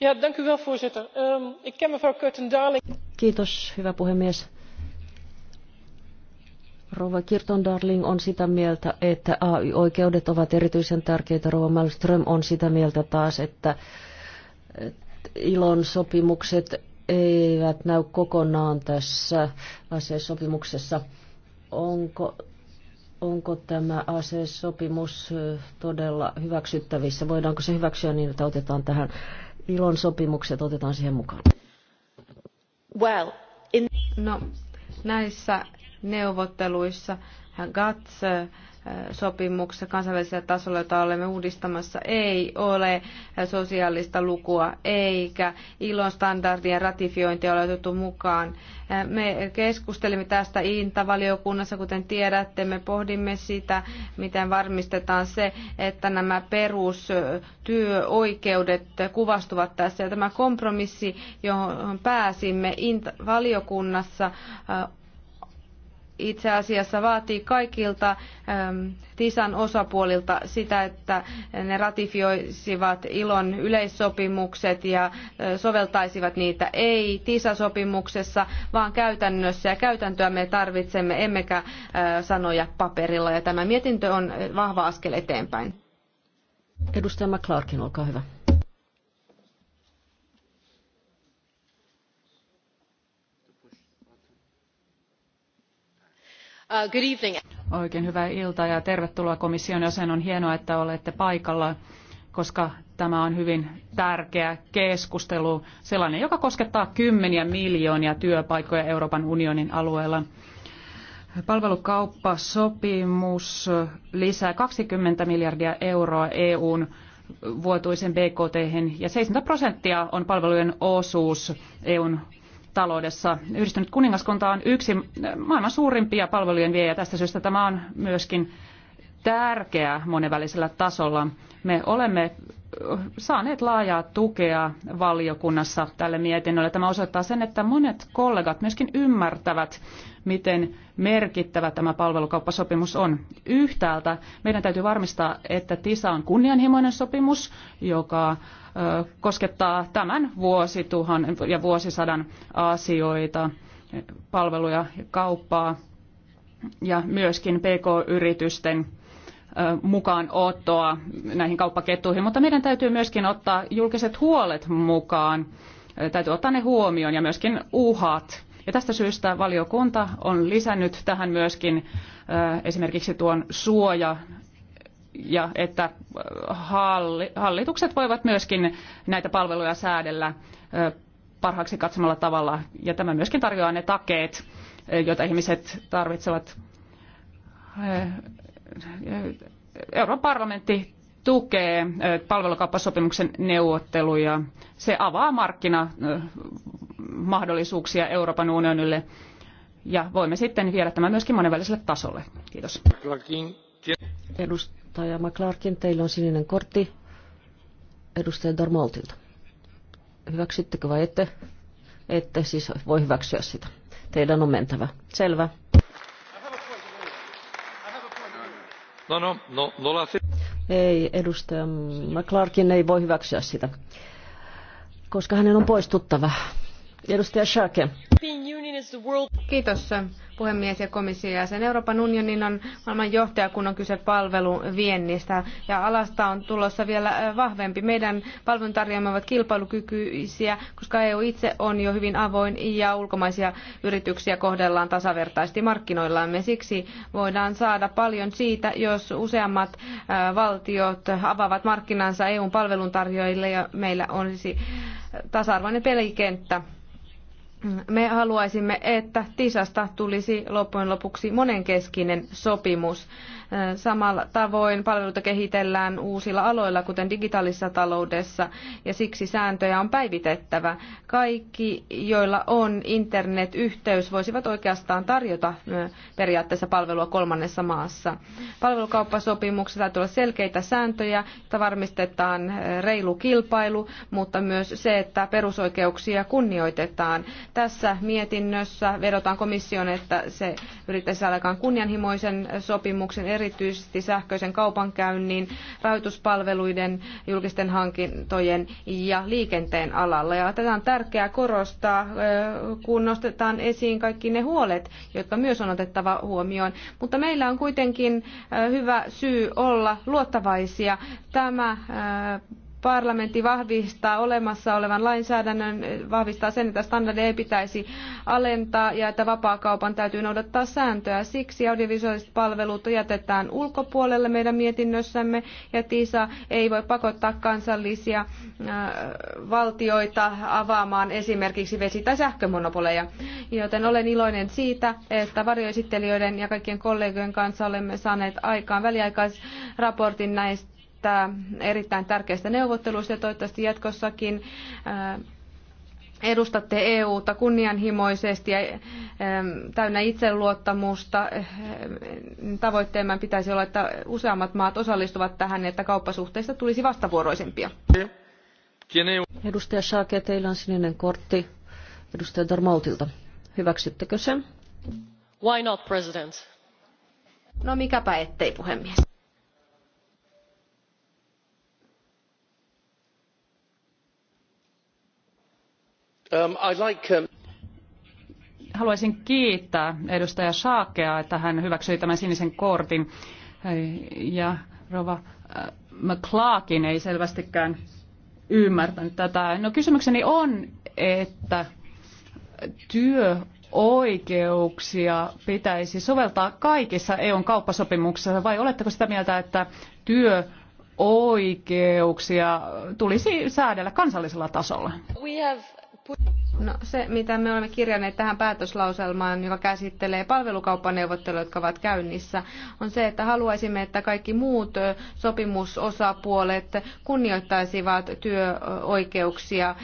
Ja, dank u wel, voorzitter. Um, ik ken mevrouw Kurtendaling. Kiitos, hyvä puhemies. Rouva Kirton Darling on sitä mieltä, että AY-oikeudet ovat erityisen tärkeitä. Rouva Malmström on sitä mieltä taas, että ilon sopimukset eivät näy kokonaan tässä asesopimuksessa. Onko onko tämä ASE-sopimus todella hyväksyttävissä? Voidaanko se hyväksyä niin, että otetaan tähän ilon sopimukset, otetaan siihen mukaan? Well, in... No, näissä neuvotteluissa. GATS sopimuksessa kansainvälisellä tasolla, jota olemme uudistamassa, ei ole sosiaalista lukua eikä ilon standardien ratifiointia ole otettu mukaan. Me keskustelimme tästä INTA-valiokunnassa, kuten tiedätte, me pohdimme sitä, miten varmistetaan se, että nämä perustyöoikeudet kuvastuvat tässä. Ja tämä kompromissi, johon pääsimme INTA-valiokunnassa, itse asiassa vaatii kaikilta ähm, TISAN osapuolilta sitä, että ne ratifioisivat ilon yleissopimukset ja äh, soveltaisivat niitä ei TISA-sopimuksessa, vaan käytännössä ja käytäntöä me tarvitsemme, emmekä äh, sanoja paperilla ja tämä mietintö on vahva askel eteenpäin. Edustaja McClarkin, olkaa hyvä. Uh, Oikein hyvää iltaa ja tervetuloa komission jäsen. On hienoa, että olette paikalla, koska tämä on hyvin tärkeä keskustelu, sellainen, joka koskettaa kymmeniä miljoonia työpaikkoja Euroopan unionin alueella. Palvelukauppasopimus lisää 20 miljardia euroa EUn vuotuisen BKT ja 70 prosenttia on palvelujen osuus EUn taloudessa. Yhdistynyt kuningaskunta on yksi eh, maailman suurimpia palvelujen viejä. Tästä syystä tämä on myöskin tärkeä monenvälisellä tasolla. Me olemme eh, saaneet laajaa tukea valiokunnassa tälle mietinnölle. Tämä osoittaa sen, että monet kollegat myöskin ymmärtävät, miten merkittävä tämä palvelukauppasopimus on. Yhtäältä meidän täytyy varmistaa, että TISA on kunnianhimoinen sopimus, joka koskettaa tämän vuosituhan ja vuosisadan asioita, palveluja ja kauppaa ja myöskin PK-yritysten mukaanottoa näihin kauppaketuihin, mutta meidän täytyy myöskin ottaa julkiset huolet mukaan, täytyy ottaa ne huomioon ja myöskin uhat. Ja tästä syystä valiokunta on lisännyt tähän myöskin esimerkiksi tuon suoja ja että äh, hallitukset voivat myöskin näitä palveluja säädellä äh, parhaaksi katsomalla tavalla. Ja tämä myöskin tarjoaa ne takeet, äh, joita ihmiset tarvitsevat. Euroopan parlamentti tukee palvelukauppasopimuksen neuvotteluja. Se avaa markkinamahdollisuuksia Euroopan unionille ja voimme sitten viedä tämän myöskin monenväliselle tasolle. Kiitos. Edustaja Taja McClarkin, teillä on sininen kortti edustaja Dormoltilta. Hyväksyttekö vai ette? Ette siis voi hyväksyä sitä. Teidän on mentävä. Selvä. No, no, no, no, ei, edustaja McClarkin ei voi hyväksyä sitä, koska hänen on poistuttava. Edustaja Schake. Kiitos puhemies ja komission jäsen. Euroopan unionin on maailman johtaja, kun on kyse palveluviennistä ja alasta on tulossa vielä vahvempi. Meidän palveluntarjoamme ovat kilpailukykyisiä, koska EU itse on jo hyvin avoin ja ulkomaisia yrityksiä kohdellaan tasavertaisesti markkinoillamme. Siksi voidaan saada paljon siitä, jos useammat valtiot avaavat markkinansa EUn palveluntarjoajille ja meillä olisi tasa-arvoinen pelikenttä me haluaisimme, että TISasta tulisi loppujen lopuksi monenkeskinen sopimus. Samalla tavoin palveluita kehitellään uusilla aloilla, kuten digitaalisessa taloudessa, ja siksi sääntöjä on päivitettävä. Kaikki, joilla on internetyhteys, voisivat oikeastaan tarjota periaatteessa palvelua kolmannessa maassa. Palvelukauppasopimuksessa täytyy olla selkeitä sääntöjä, jotta varmistetaan reilu kilpailu, mutta myös se, että perusoikeuksia kunnioitetaan. Tässä mietinnössä vedotaan komission, että se yrittäisi aikaan kunnianhimoisen sopimuksen erityisesti sähköisen kaupankäynnin, rahoituspalveluiden, julkisten hankintojen ja liikenteen alalla. Ja tätä on tärkeää korostaa, kun nostetaan esiin kaikki ne huolet, jotka myös on otettava huomioon. Mutta meillä on kuitenkin hyvä syy olla luottavaisia. Tämä parlamentti vahvistaa olemassa olevan lainsäädännön, vahvistaa sen, että standardeja ei pitäisi alentaa ja että vapaakaupan täytyy noudattaa sääntöä. Siksi audiovisuaaliset palvelut jätetään ulkopuolelle meidän mietinnössämme ja TISA ei voi pakottaa kansallisia äh, valtioita avaamaan esimerkiksi vesi- tai sähkömonopoleja. Joten olen iloinen siitä, että varjoesittelijöiden ja kaikkien kollegojen kanssa olemme saaneet aikaan väliaikaisraportin näistä kiittää erittäin tärkeistä neuvotteluista ja toivottavasti jatkossakin edustatte EUta kunnianhimoisesti ja täynnä itseluottamusta. Tavoitteemme pitäisi olla, että useammat maat osallistuvat tähän, että kauppasuhteista tulisi vastavuoroisempia. Edustaja Saake, teillä on sininen kortti edustaja Darmautilta. Hyväksyttekö sen? Why not, president? No mikäpä ettei, puhemies. Um, um, Haluaisin kiittää edustaja Saakea, että hän hyväksyi tämän sinisen kortin. Ja Rova äh, McClarkin ei selvästikään ymmärtänyt tätä. No kysymykseni on, että työoikeuksia pitäisi soveltaa kaikissa EUn kauppasopimuksissa, vai oletteko sitä mieltä, että työoikeuksia tulisi säädellä kansallisella tasolla? We have No, se, mitä me olemme kirjanneet tähän päätöslauselmaan, joka käsittelee palvelukauppaneuvotteluja, jotka ovat käynnissä, on se, että haluaisimme, että kaikki muut sopimusosapuolet kunnioittaisivat työoikeuksia,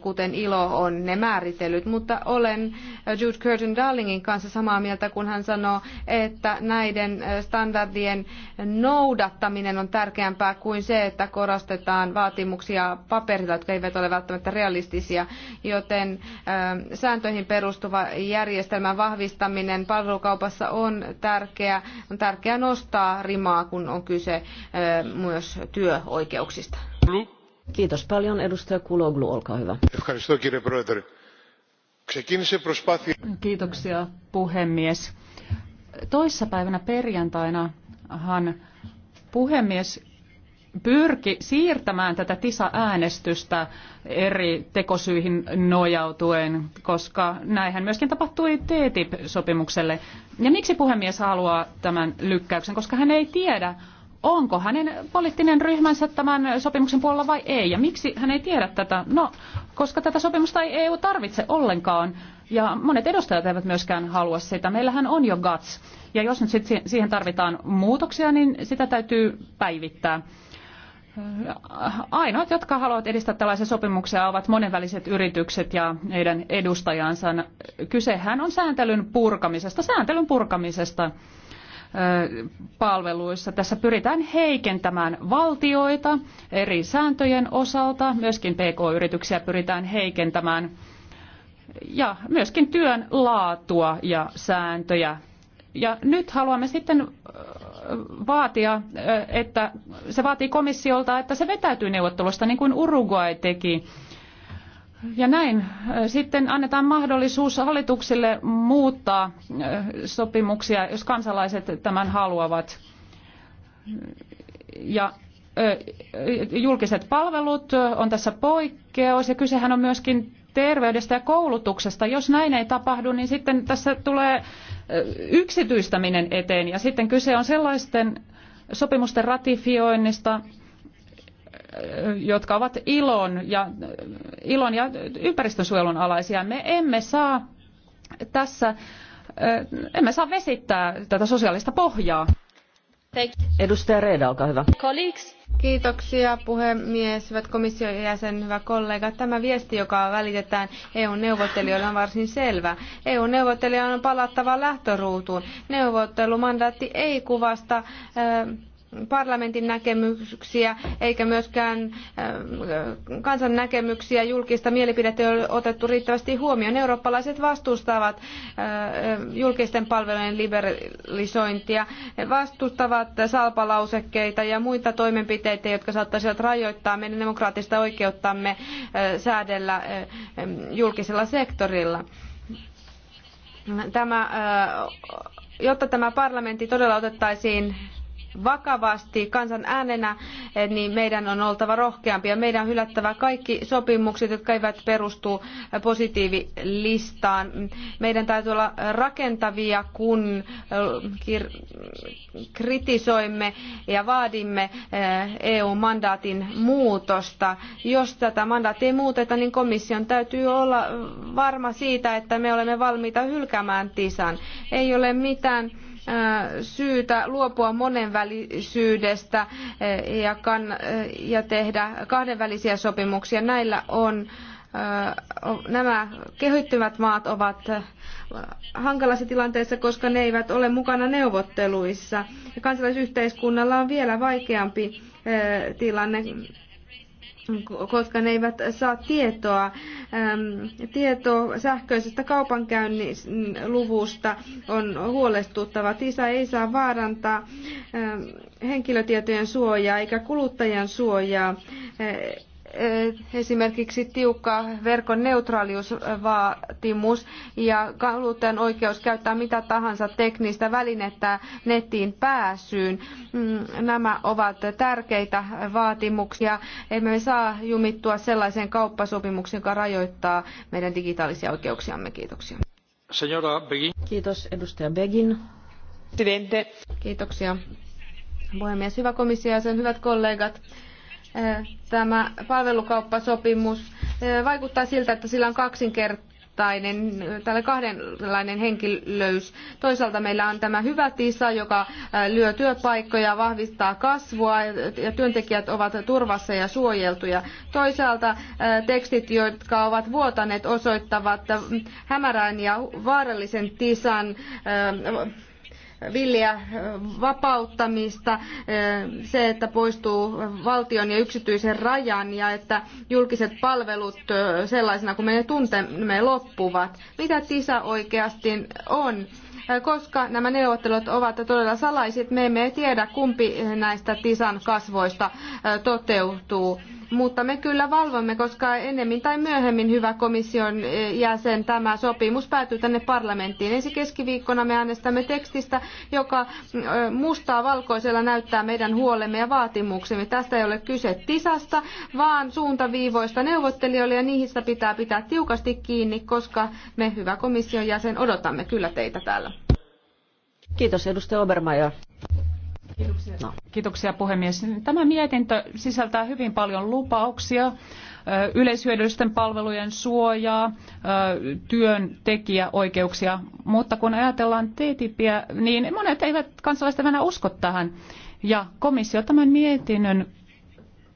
kuten ILO on ne määritellyt. Mutta olen Jude Curtin Darlingin kanssa samaa mieltä, kun hän sanoo, että näiden standardien noudattaminen on tärkeämpää kuin se, että korostetaan vaatimuksia paperilla, jotka eivät ole välttämättä realistisia joten sääntöihin perustuva järjestelmän vahvistaminen palvelukaupassa on tärkeää. On tärkeää nostaa rimaa, kun on kyse myös työoikeuksista. Kiitos paljon. Edustaja Kuloglu, olkaa hyvä. Kiitoksia puhemies. Toissapäivänä perjantaina hän puhemies pyrki siirtämään tätä TISA-äänestystä eri tekosyihin nojautuen, koska näinhän myöskin tapahtui TTIP-sopimukselle. E ja miksi puhemies haluaa tämän lykkäyksen? Koska hän ei tiedä, onko hänen poliittinen ryhmänsä tämän sopimuksen puolella vai ei. Ja miksi hän ei tiedä tätä? No, koska tätä sopimusta ei EU tarvitse ollenkaan. Ja monet edustajat eivät myöskään halua sitä. Meillähän on jo GATS. Ja jos nyt sit siihen tarvitaan muutoksia, niin sitä täytyy päivittää ainoat, jotka haluavat edistää tällaisia sopimuksia, ovat monenväliset yritykset ja heidän edustajansa. Kysehän on sääntelyn purkamisesta, sääntelyn purkamisesta palveluissa. Tässä pyritään heikentämään valtioita eri sääntöjen osalta, myöskin PK-yrityksiä pyritään heikentämään ja myöskin työn laatua ja sääntöjä. Ja nyt haluamme sitten vaatia, että se vaatii komissiolta, että se vetäytyy neuvottelusta niin kuin Uruguay teki. Ja näin sitten annetaan mahdollisuus hallituksille muuttaa sopimuksia, jos kansalaiset tämän haluavat. Ja julkiset palvelut on tässä poikkeus ja kysehän on myöskin terveydestä ja koulutuksesta. Jos näin ei tapahdu, niin sitten tässä tulee yksityistäminen eteen ja sitten kyse on sellaisten sopimusten ratifioinnista, jotka ovat ilon ja, ilon ja ympäristönsuojelun alaisia. Me emme saa tässä, emme saa vesittää tätä sosiaalista pohjaa. Edustaja Reeda, olkaa hyvä. Colleagues. Kiitoksia puhemies, hyvät komission jäsen, hyvä kollega. Tämä viesti, joka välitetään EU-neuvottelijoille, on varsin selvä. EU-neuvottelijan on palattava lähtöruutuun. Neuvottelumandaatti ei kuvasta äh, parlamentin näkemyksiä eikä myöskään äh, kansan näkemyksiä. Julkista mielipidettä ei ole otettu riittävästi huomioon. Eurooppalaiset vastustavat äh, julkisten palvelujen liberalisointia, vastustavat salpalausekkeita ja muita toimenpiteitä, jotka saattaisivat rajoittaa meidän demokraattista oikeuttamme äh, säädellä julkisella sektorilla. Tämä, jotta tämä parlamentti todella otettaisiin vakavasti kansan äänenä, eh, niin meidän on oltava rohkeampia. Meidän on hylättävä kaikki sopimukset, jotka eivät perustu eh, positiivilistaan. Meidän täytyy olla rakentavia, kun eh, kritisoimme ja vaadimme EU-mandaatin e muutosta. Jos tätä mandaattia ei muuteta, niin komission täytyy olla varma siitä, että me olemme valmiita hylkäämään TISAn. Ei ole mitään syytä luopua monenvälisyydestä ja, ja tehdä kahdenvälisiä sopimuksia. Näillä on nämä kehittyvät maat ovat hankalassa tilanteessa, koska ne eivät ole mukana neuvotteluissa. Ja kansalaisyhteiskunnalla on vielä vaikeampi tilanne koska ne eivät saa tietoa, ähm, tietoa sähköisestä kaupankäynnin luvusta on huolestuttava. TISA ei saa vaarantaa ähm, henkilötietojen suojaa eikä kuluttajan suojaa. Äh, esimerkiksi tiukka verkon neutraaliusvaatimus ja kuluttajan oikeus käyttää mitä tahansa teknistä välinettä nettiin pääsyyn. Mm, nämä ovat tärkeitä vaatimuksia. Emme me saa jumittua sellaiseen kauppasopimukseen, joka rajoittaa meidän digitaalisia oikeuksiamme. Kiitoksia. Kiitos edustaja Begin. Kiitoksia. Puhemies, hyvä komissio ja sen hyvät kollegat tämä palvelukauppasopimus eh, vaikuttaa siltä, että sillä on kaksinkertainen, tällä kahdenlainen henkilöys. Toisaalta meillä on tämä hyvä TISA, joka eh, lyö työpaikkoja, vahvistaa kasvua ja työntekijät ovat turvassa ja suojeltuja. Toisaalta eh, tekstit, jotka ovat vuotaneet, osoittavat hämärän ja vaarallisen TISAn villiä vapauttamista, se, että poistuu valtion ja yksityisen rajan ja että julkiset palvelut sellaisena kuin me ne tuntemme loppuvat. Mitä TISA oikeasti on? koska nämä neuvottelut ovat todella salaiset, me emme tiedä kumpi näistä TISAn kasvoista toteutuu mutta me kyllä valvomme, koska ennemmin tai myöhemmin hyvä komission eh, jäsen tämä sopimus päätyy tänne parlamenttiin. Ensi keskiviikkona me äänestämme tekstistä, joka eh, mustaa valkoisella näyttää meidän huolemme ja vaatimuksemme. Tästä ei ole kyse tisasta, vaan suuntaviivoista neuvottelijoille ja niistä pitää pitää tiukasti kiinni, koska me hyvä komission jäsen odotamme kyllä teitä täällä. Kiitos edustaja Obermeier. Kiitoksia. No. Kiitoksia puhemies. Tämä mietintö sisältää hyvin paljon lupauksia, yleishyödyllisten palvelujen suojaa, työntekijäoikeuksia, mutta kun ajatellaan TTIPiä, niin monet eivät kansalaiset enää usko tähän. Ja komissio tämän mietinnön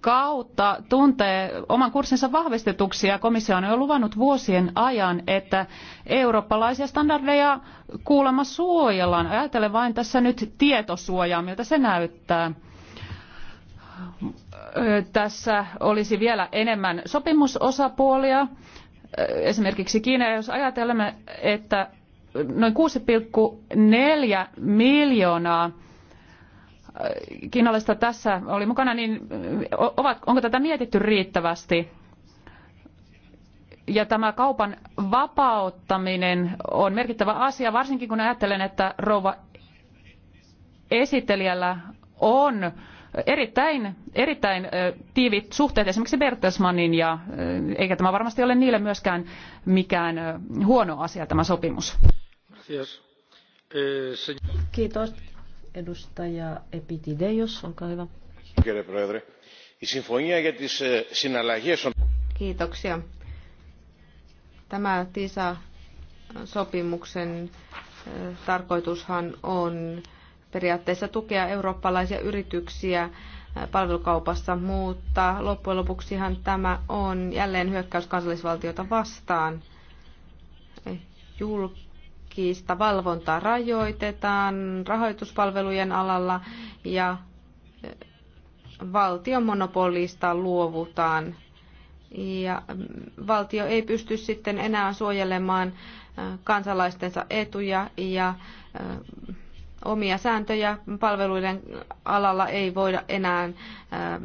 kautta tuntee oman kurssinsa vahvistetuksi ja komissio on jo luvannut vuosien ajan, että eurooppalaisia standardeja kuulemma suojellaan. Ajattele vain tässä nyt tietosuojaa, miltä se näyttää tässä olisi vielä enemmän sopimusosapuolia. Esimerkiksi Kiina, jos ajatellaan, että noin 6,4 miljoonaa kiinalaista tässä oli mukana, niin ovat, onko tätä mietitty riittävästi? Ja tämä kaupan vapauttaminen on merkittävä asia, varsinkin kun ajattelen, että rouva esittelijällä on erittäin, erittäin tiivit suhteet esimerkiksi Bertelsmannin, ja eikä tämä varmasti ole niille myöskään mikään huono asia tämä sopimus. Eh, Kiitos. Edustaja Epitideios, olkaa hyvä. Kiitoksia. Tämä TISA-sopimuksen tarkoitushan on periaatteessa tukea eurooppalaisia yrityksiä äh, palvelukaupassa, mutta loppujen lopuksihan tämä on jälleen hyökkäys kansallisvaltiota vastaan. Julk- julkista valvontaa rajoitetaan rahoituspalvelujen alalla ja eh, valtion monopolista luovutaan. Ja mm, valtio ei pysty sitten enää suojelemaan eh, kansalaistensa etuja ja eh, omia sääntöjä palveluiden alalla ei voida enää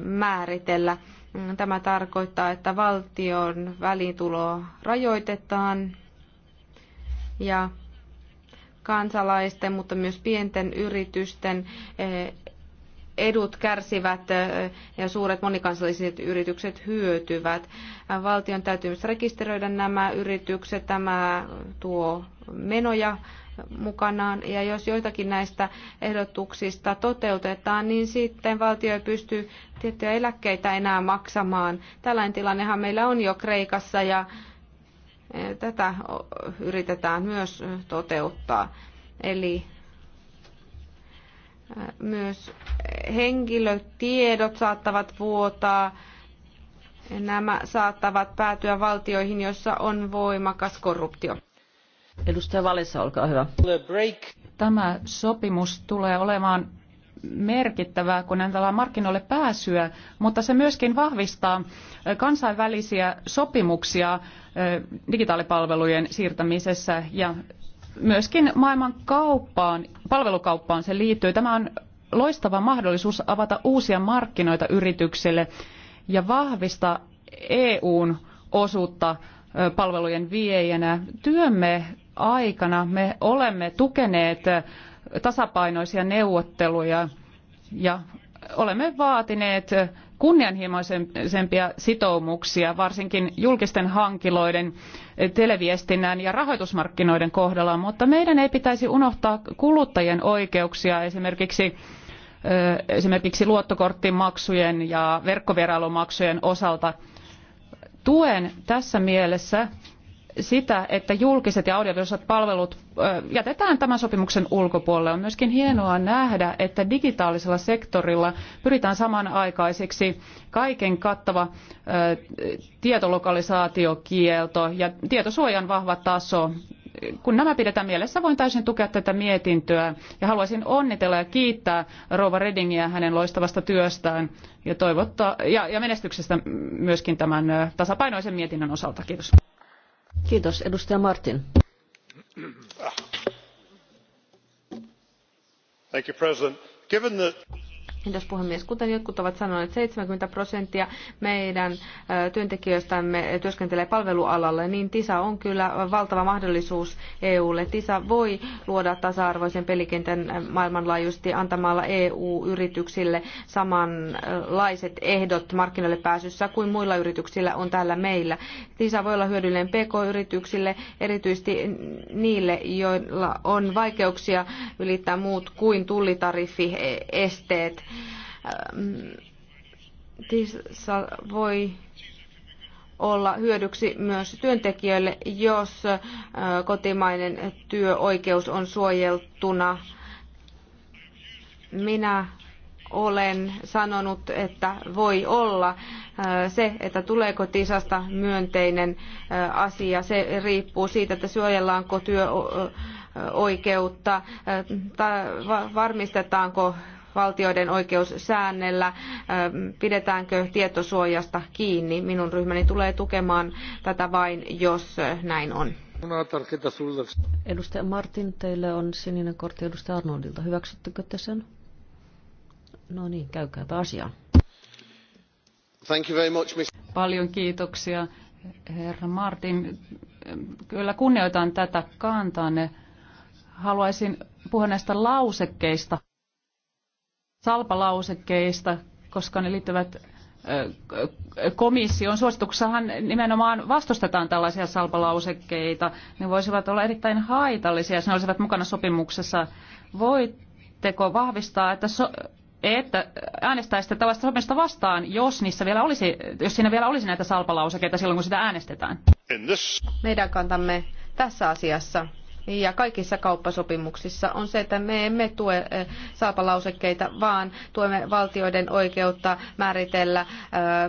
määritellä. Mm, tämä tarkoittaa, että valtion välituloa rajoitetaan ja kansalaisten, mutta myös pienten yritysten eh, edut kärsivät eh, ja suuret monikansalliset yritykset hyötyvät. Valtion täytyy myös rekisteröidä nämä yritykset. Tämä tuo menoja mukanaan. Ja jos joitakin näistä ehdotuksista toteutetaan, niin sitten valtio ei pysty tiettyjä eläkkeitä enää maksamaan. Tällainen tilannehan meillä on jo Kreikassa ja Eh, tätä yritetään myös eh, toteuttaa. Eli eh, myös henkilötiedot saattavat vuotaa. Nämä saattavat päätyä valtioihin, joissa on voimakas korruptio. Edustaja Valissa, olkaa hyvä. Tämä sopimus tulee olemaan merkittävää, kun antaa markkinoille pääsyä, mutta se myöskin vahvistaa kansainvälisiä sopimuksia digitaalipalvelujen siirtämisessä ja myöskin maailman kauppaan, palvelukauppaan se liittyy. Tämä on loistava mahdollisuus avata uusia markkinoita yrityksille ja vahvistaa EUn osuutta palvelujen viejänä. Työmme aikana me olemme tukeneet tasapainoisia neuvotteluja ja olemme vaatineet kunnianhimoisempia sitoumuksia varsinkin julkisten hankiloiden eh, televiestinnän ja rahoitusmarkkinoiden kohdalla mutta meidän ei pitäisi unohtaa kuluttajien oikeuksia esimerkiksi eh, esimerkiksi luottokorttimaksujen ja verkkovierailumaksujen osalta. Tuen tässä mielessä sitä, että julkiset ja audiovisuaaliset palvelut jätetään tämän sopimuksen ulkopuolelle. On myöskin hienoa nähdä, että digitaalisella sektorilla pyritään samanaikaisiksi kaiken kattava tietolokalisaatiokielto ja tietosuojan vahva taso kun nämä pidetään mielessä, voin täysin tukea tätä mietintöä ja haluaisin onnitella ja kiittää Rova Redingiä hänen loistavasta työstään ja, toivottaa, ja, ja menestyksestä myöskin tämän tasapainoisen mietinnön osalta. Kiitos. Kiitos, edustaja Martin. Thank you, President. Given that Kiitos puhemies. Kuten jotkut ovat sanoneet, 70 prosenttia meidän työntekijöistämme työskentelee palvelualalle, niin TISA on kyllä valtava mahdollisuus EUlle. TISA voi luoda tasa-arvoisen pelikentän maailmanlaajuisesti antamalla EU-yrityksille samanlaiset ehdot markkinoille pääsyssä kuin muilla yrityksillä on täällä meillä. TISA voi olla hyödyllinen PK-yrityksille, erityisesti niille, joilla on vaikeuksia ylittää muut kuin tullitariffiesteet TISA voi olla hyödyksi myös työntekijöille, jos kotimainen työoikeus on suojeltuna. Minä olen sanonut, että voi olla se, että tuleeko tisasta myönteinen asia. Se riippuu siitä, että suojellaanko työoikeutta, varmistetaanko valtioiden oikeus säännellä, ähm, pidetäänkö tietosuojasta kiinni. Minun ryhmäni tulee tukemaan tätä vain, jos näin on. Edustaja Martin, teille on sininen kortti edustaja Arnoldilta. Hyväksyttekö te sen? No niin, käykääpä asiaan. Thank you very much, Mr. Paljon kiitoksia, herra Martin. Kyllä kunnioitan tätä kantaanne. Haluaisin puhua näistä lausekkeista salpalausekkeista, koska ne liittyvät komission suosituksessahan nimenomaan vastustetaan tällaisia salpalausekkeita. Ne voisivat olla erittäin haitallisia, jos ne olisivat mukana sopimuksessa. Voitteko vahvistaa, että, so, että äänestäisitte tällaista sopimusta vastaan, jos, niissä vielä olisi, jos siinä vielä olisi näitä salpalausekkeita silloin, kun sitä äänestetään? Meidän kantamme tässä asiassa ja kaikissa kauppasopimuksissa on se, että me emme tue eh, saapalausekkeita, vaan tuemme valtioiden oikeutta määritellä eh,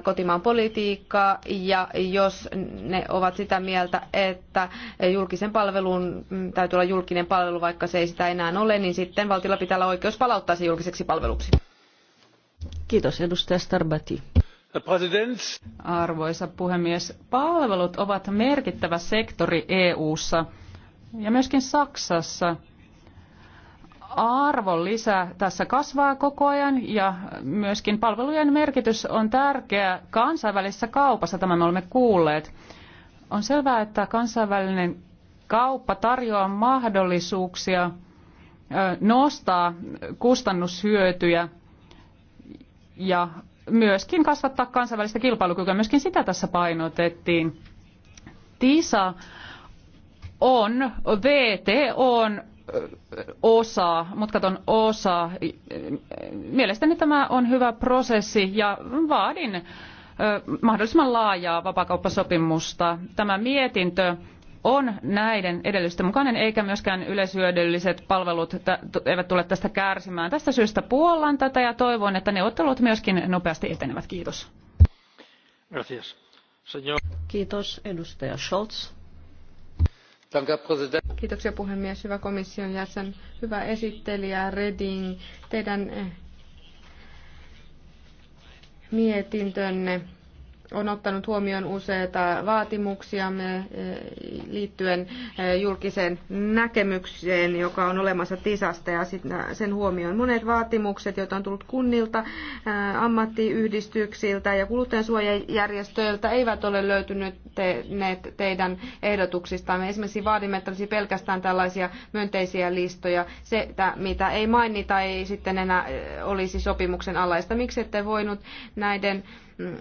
kotimaan politiikkaa ja jos ne ovat sitä mieltä, että julkisen palvelun mm, täytyy olla julkinen palvelu, vaikka se ei sitä enää ole, niin sitten valtiolla pitää olla oikeus palauttaa se julkiseksi palveluksi. Kiitos, edustaja Starbati. Arvoisa puhemies, palvelut ovat merkittävä sektori EU:ssa. ssa ja myöskin Saksassa arvonlisä tässä kasvaa koko ajan ja myöskin palvelujen merkitys on tärkeä kansainvälisessä kaupassa, tämä me olemme kuulleet. On selvää, että kansainvälinen kauppa tarjoaa mahdollisuuksia nostaa kustannushyötyjä ja myöskin kasvattaa kansainvälistä kilpailukykyä. Myöskin sitä tässä painotettiin. TISA on on osa, mutkaton osa. Mielestäni tämä on hyvä prosessi ja vaadin mahdollisimman laajaa vapakauppasopimusta. Tämä mietintö on näiden edellytysten mukainen, eikä myöskään yleishyödylliset palvelut eivät tule tästä kärsimään. Tästä syystä puollan tätä ja toivon, että neuvottelut myöskin nopeasti etenevät. Kiitos. Kiitos edustaja Scholz. Kiitoksia puhemies, hyvä komission jäsen, hyvä esittelijä Reding. Teidän eh, mietintönne on ottanut huomioon useita vaatimuksiamme eh, liittyen eh, julkiseen näkemykseen, joka on olemassa TISasta ja sen huomioon. Monet vaatimukset, joita on tullut kunnilta, eh, ammattiyhdistyksiltä ja kuluttajansuojajärjestöiltä, eivät ole löytynyt te, ne, teidän ehdotuksistamme. Esimerkiksi vaadimme, että olisi pelkästään tällaisia myönteisiä listoja. Se, mitä ei mainita, ei sitten enää olisi sopimuksen alaista. Miksi ette voinut näiden Mm,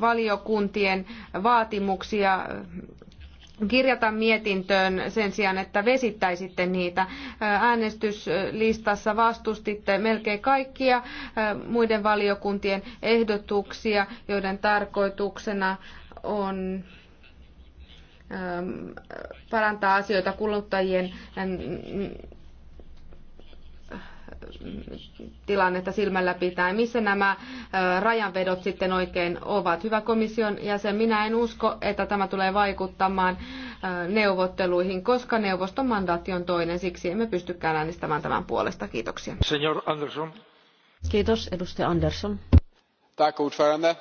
valiokuntien vaatimuksia kirjata mietintöön sen sijaan, että vesittäisitte niitä. Äh, äänestyslistassa vastustitte melkein kaikkia äh, muiden valiokuntien ehdotuksia, joiden tarkoituksena on ähm, parantaa asioita kuluttajien ähm, tilannetta silmällä pitää. Missä nämä rajanvedot sitten oikein ovat. Hyvä komission jäsen, minä en usko, että tämä tulee vaikuttamaan neuvotteluihin, koska neuvoston mandaatti on toinen, siksi emme pystykään äänestämään tämän puolesta. Kiitoksia. Senior Andersson. Kiitos, edustaja Andersson. Tack, ordförande.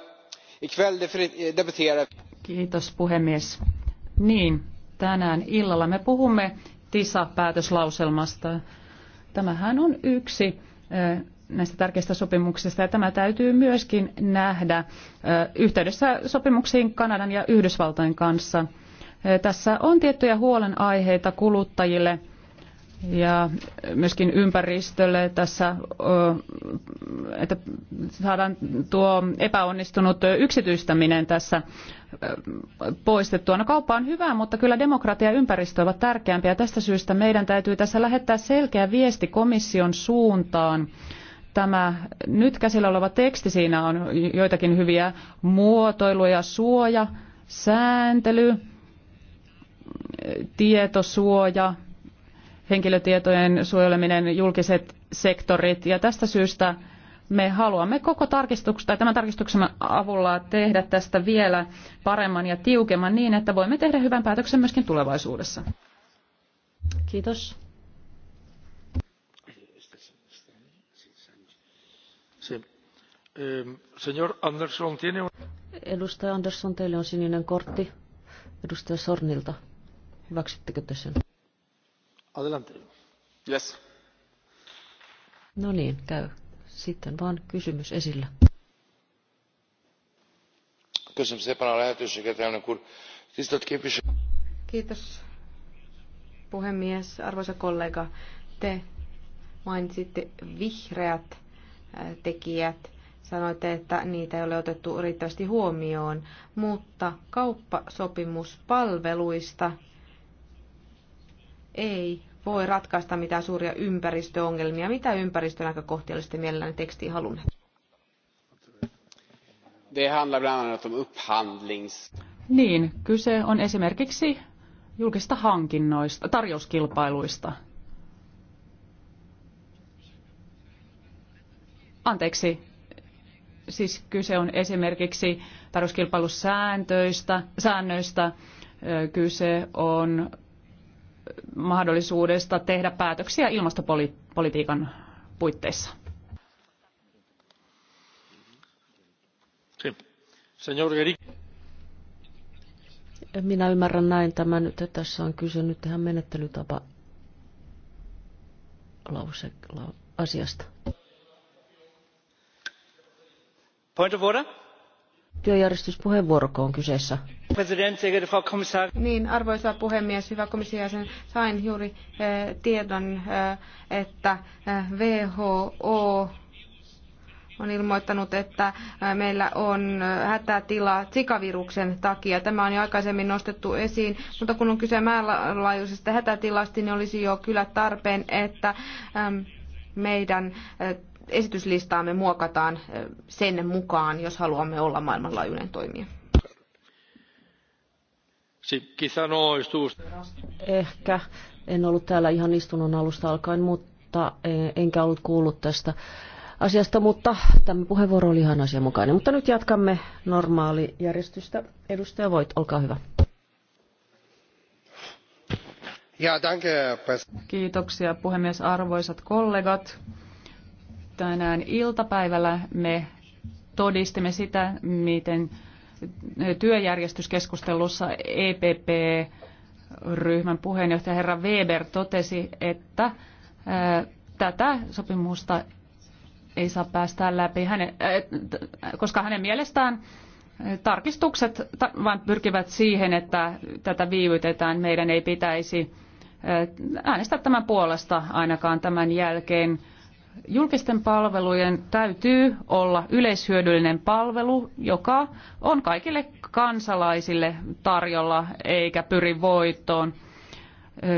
Ikväll debatterar... Kiitos, puhemies. Niin, tänään illalla me puhumme TISA-päätöslauselmasta. Tämähän on yksi näistä tärkeistä sopimuksista. Ja tämä täytyy myöskin nähdä yhteydessä sopimuksiin Kanadan ja Yhdysvaltain kanssa. Tässä on tiettyjä huolenaiheita kuluttajille ja myöskin ympäristölle tässä, että saadaan tuo epäonnistunut yksityistäminen tässä poistettua. No kauppa on hyvä, mutta kyllä demokratia ja ympäristö ovat tärkeämpiä. Tästä syystä meidän täytyy tässä lähettää selkeä viesti komission suuntaan tämä nyt käsillä oleva teksti, siinä on joitakin hyviä muotoiluja, suoja, sääntely, tietosuoja, henkilötietojen suojeleminen, julkiset sektorit ja tästä syystä me haluamme koko tarkistuksen, tai tämän tarkistuksen avulla tehdä tästä vielä paremman ja tiukemman niin, että voimme tehdä hyvän päätöksen myöskin tulevaisuudessa. Kiitos. Señor Anderson, tiene... Edustaja Andersson, teille on sininen kortti. Edustaja Sornilta. Hyväksyttekö te sen? Adelante. Yes. No niin, käy. Sitten vaan kysymys esillä. Kysymys sepana lähetys elnök úr. Tisztelt képviselő. Kiitos, puhemies. Arvoisa kollega, te mainitsitte vihreät äh, tekijät Sanoitte, että niitä ei ole otettu riittävästi huomioon, mutta kauppasopimuspalveluista ei voi ratkaista mitään suuria ympäristöongelmia. Mitä ympäristönäkökohtia olisitte mielelläni tekstiin halunneet? Det handlar bland annat om upphandlings... Niin, kyse on esimerkiksi julkista hankinnoista, tarjouskilpailuista. Anteeksi, siis kyse on esimerkiksi tarjouskilpailusäännöistä, säännöistä, kyse on mahdollisuudesta tehdä päätöksiä ilmastopolitiikan puitteissa. Minä ymmärrän näin tämän nyt, että tässä on kyse nyt tähän menettelytapa lause, la, asiasta. Työjärjestyspuheenvuoroko on kyseessä? Niin, arvoisa puhemies, hyvä komission jäsen, sain juuri eh, tiedon, eh, että eh, WHO on ilmoittanut, että meillä on hätätila sikaviruksen takia. Tämä on jo aikaisemmin nostettu esiin, mutta kun on kyse maanlaajuisesta hätätilasta, niin olisi jo kyllä tarpeen, että meidän esityslistaamme muokataan sen mukaan, jos haluamme olla maailmanlaajuinen toimija. Ehkä en ollut täällä ihan istunnon alusta alkaen, mutta e, enkä ollut kuullut tästä asiasta, mutta tämä puheenvuoro oli ihan asianmukainen. Mutta nyt jatkamme normaali järjestystä. Edustaja Voit, olkaa hyvä. Kiitoksia puhemies, arvoisat kollegat tänään iltapäivällä me todistimme sitä, miten työjärjestyskeskustelussa EPP-ryhmän puheenjohtaja herra Weber totesi, että tätä sopimusta ei saa päästää läpi, hänen, koska hänen mielestään tarkistukset vain pyrkivät siihen, että tätä viivytetään. Meidän ei pitäisi äänestää tämän puolesta ainakaan tämän jälkeen. Julkisten palvelujen täytyy olla yleishyödyllinen palvelu, joka on kaikille kansalaisille tarjolla eikä pyri voittoon.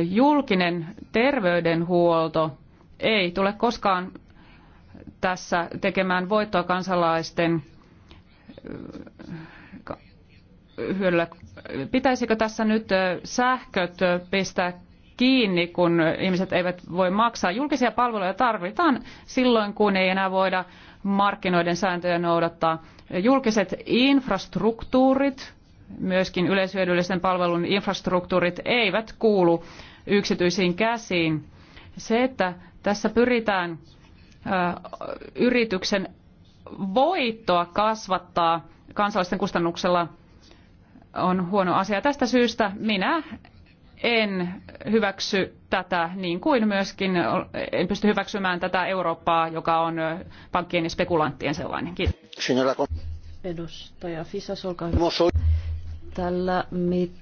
Julkinen terveydenhuolto ei tule koskaan tässä tekemään voittoa kansalaisten hyödyllä. Pitäisikö tässä nyt sähköt pistää kiinni, kun ihmiset eivät voi maksaa. Julkisia palveluja tarvitaan silloin, kun ei enää voida markkinoiden sääntöjä noudattaa. Julkiset infrastruktuurit, myöskin yleishyödyllisen palvelun infrastruktuurit, eivät kuulu yksityisiin käsiin. Se, että tässä pyritään yrityksen voittoa kasvattaa kansalaisten kustannuksella on huono asia. Tästä syystä minä en hyväksy tätä, niin kuin myöskin en pysty hyväksymään tätä Eurooppaa, joka on pankkien ja spekulanttien sellainen. Kiitos. Edustaja Fisas, olkaa hyvä. Tällä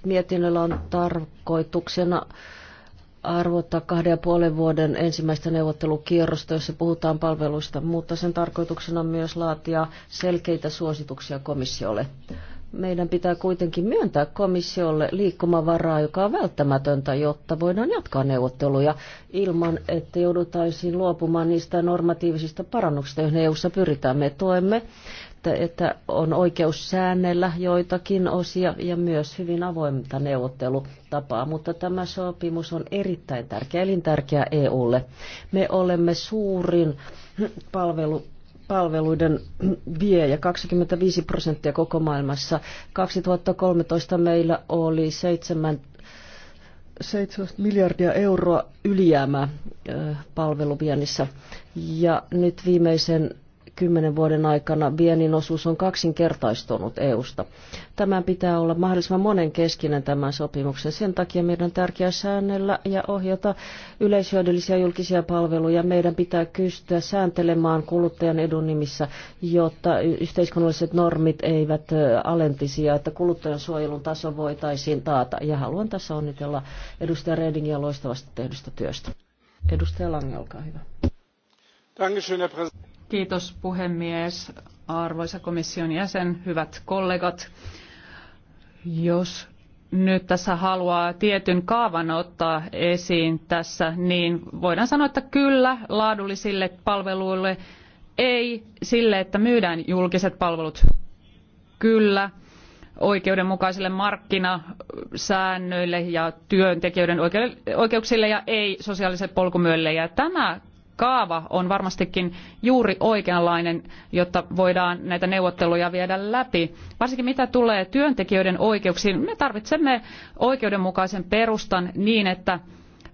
mietinnöllä on tarkoituksena arvottaa kahden ja puolen vuoden ensimmäistä neuvottelukierrosta, jossa puhutaan palveluista, mutta sen tarkoituksena on myös laatia selkeitä suosituksia komissiolle meidän pitää kuitenkin myöntää komissiolle liikkumavaraa, joka on välttämätöntä, jotta voidaan jatkaa neuvotteluja ilman, että joudutaisiin luopumaan niistä normatiivisista parannuksista, joihin EU-ssa pyritään. Me tuemme, että, että on oikeus säännellä joitakin osia ja myös hyvin avointa neuvottelutapaa, mutta tämä sopimus on erittäin tärkeä, elintärkeä EUlle. Me olemme suurin palvelu palveluiden vie ja 25 prosenttia koko maailmassa. 2013 meillä oli 7, 7 miljardia euroa ylijäämää palveluviennissä. Ja nyt viimeisen kymmenen vuoden aikana viennin osuus on kaksinkertaistunut EUsta. Tämän pitää olla mahdollisimman monen keskinen tämän sopimuksen. Sen takia meidän on tärkeää säännellä ja ohjata yleishyödyllisiä julkisia palveluja. Meidän pitää kystyä sääntelemään kuluttajan edun nimissä, jotta yhteiskunnalliset normit eivät alentisi ja että kuluttajan suojelun taso voitaisiin taata. Ja haluan tässä onnitella edustaja Redingia loistavasti tehdystä työstä. Edustaja Lange, olkaa hyvä. Dankeschön, Herr Kiitos puhemies, arvoisa komission jäsen, hyvät kollegat. Jos nyt tässä haluaa tietyn kaavan ottaa esiin tässä, niin voidaan sanoa, että kyllä laadullisille palveluille, ei sille, että myydään julkiset palvelut, kyllä oikeudenmukaisille markkinasäännöille ja työntekijöiden oikeuksille ja ei sosiaaliselle polkumyölle. Ja tämä kaava on varmastikin juuri oikeanlainen, jotta voidaan näitä neuvotteluja viedä läpi. Varsinkin mitä tulee työntekijöiden oikeuksiin, me tarvitsemme oikeudenmukaisen perustan niin, että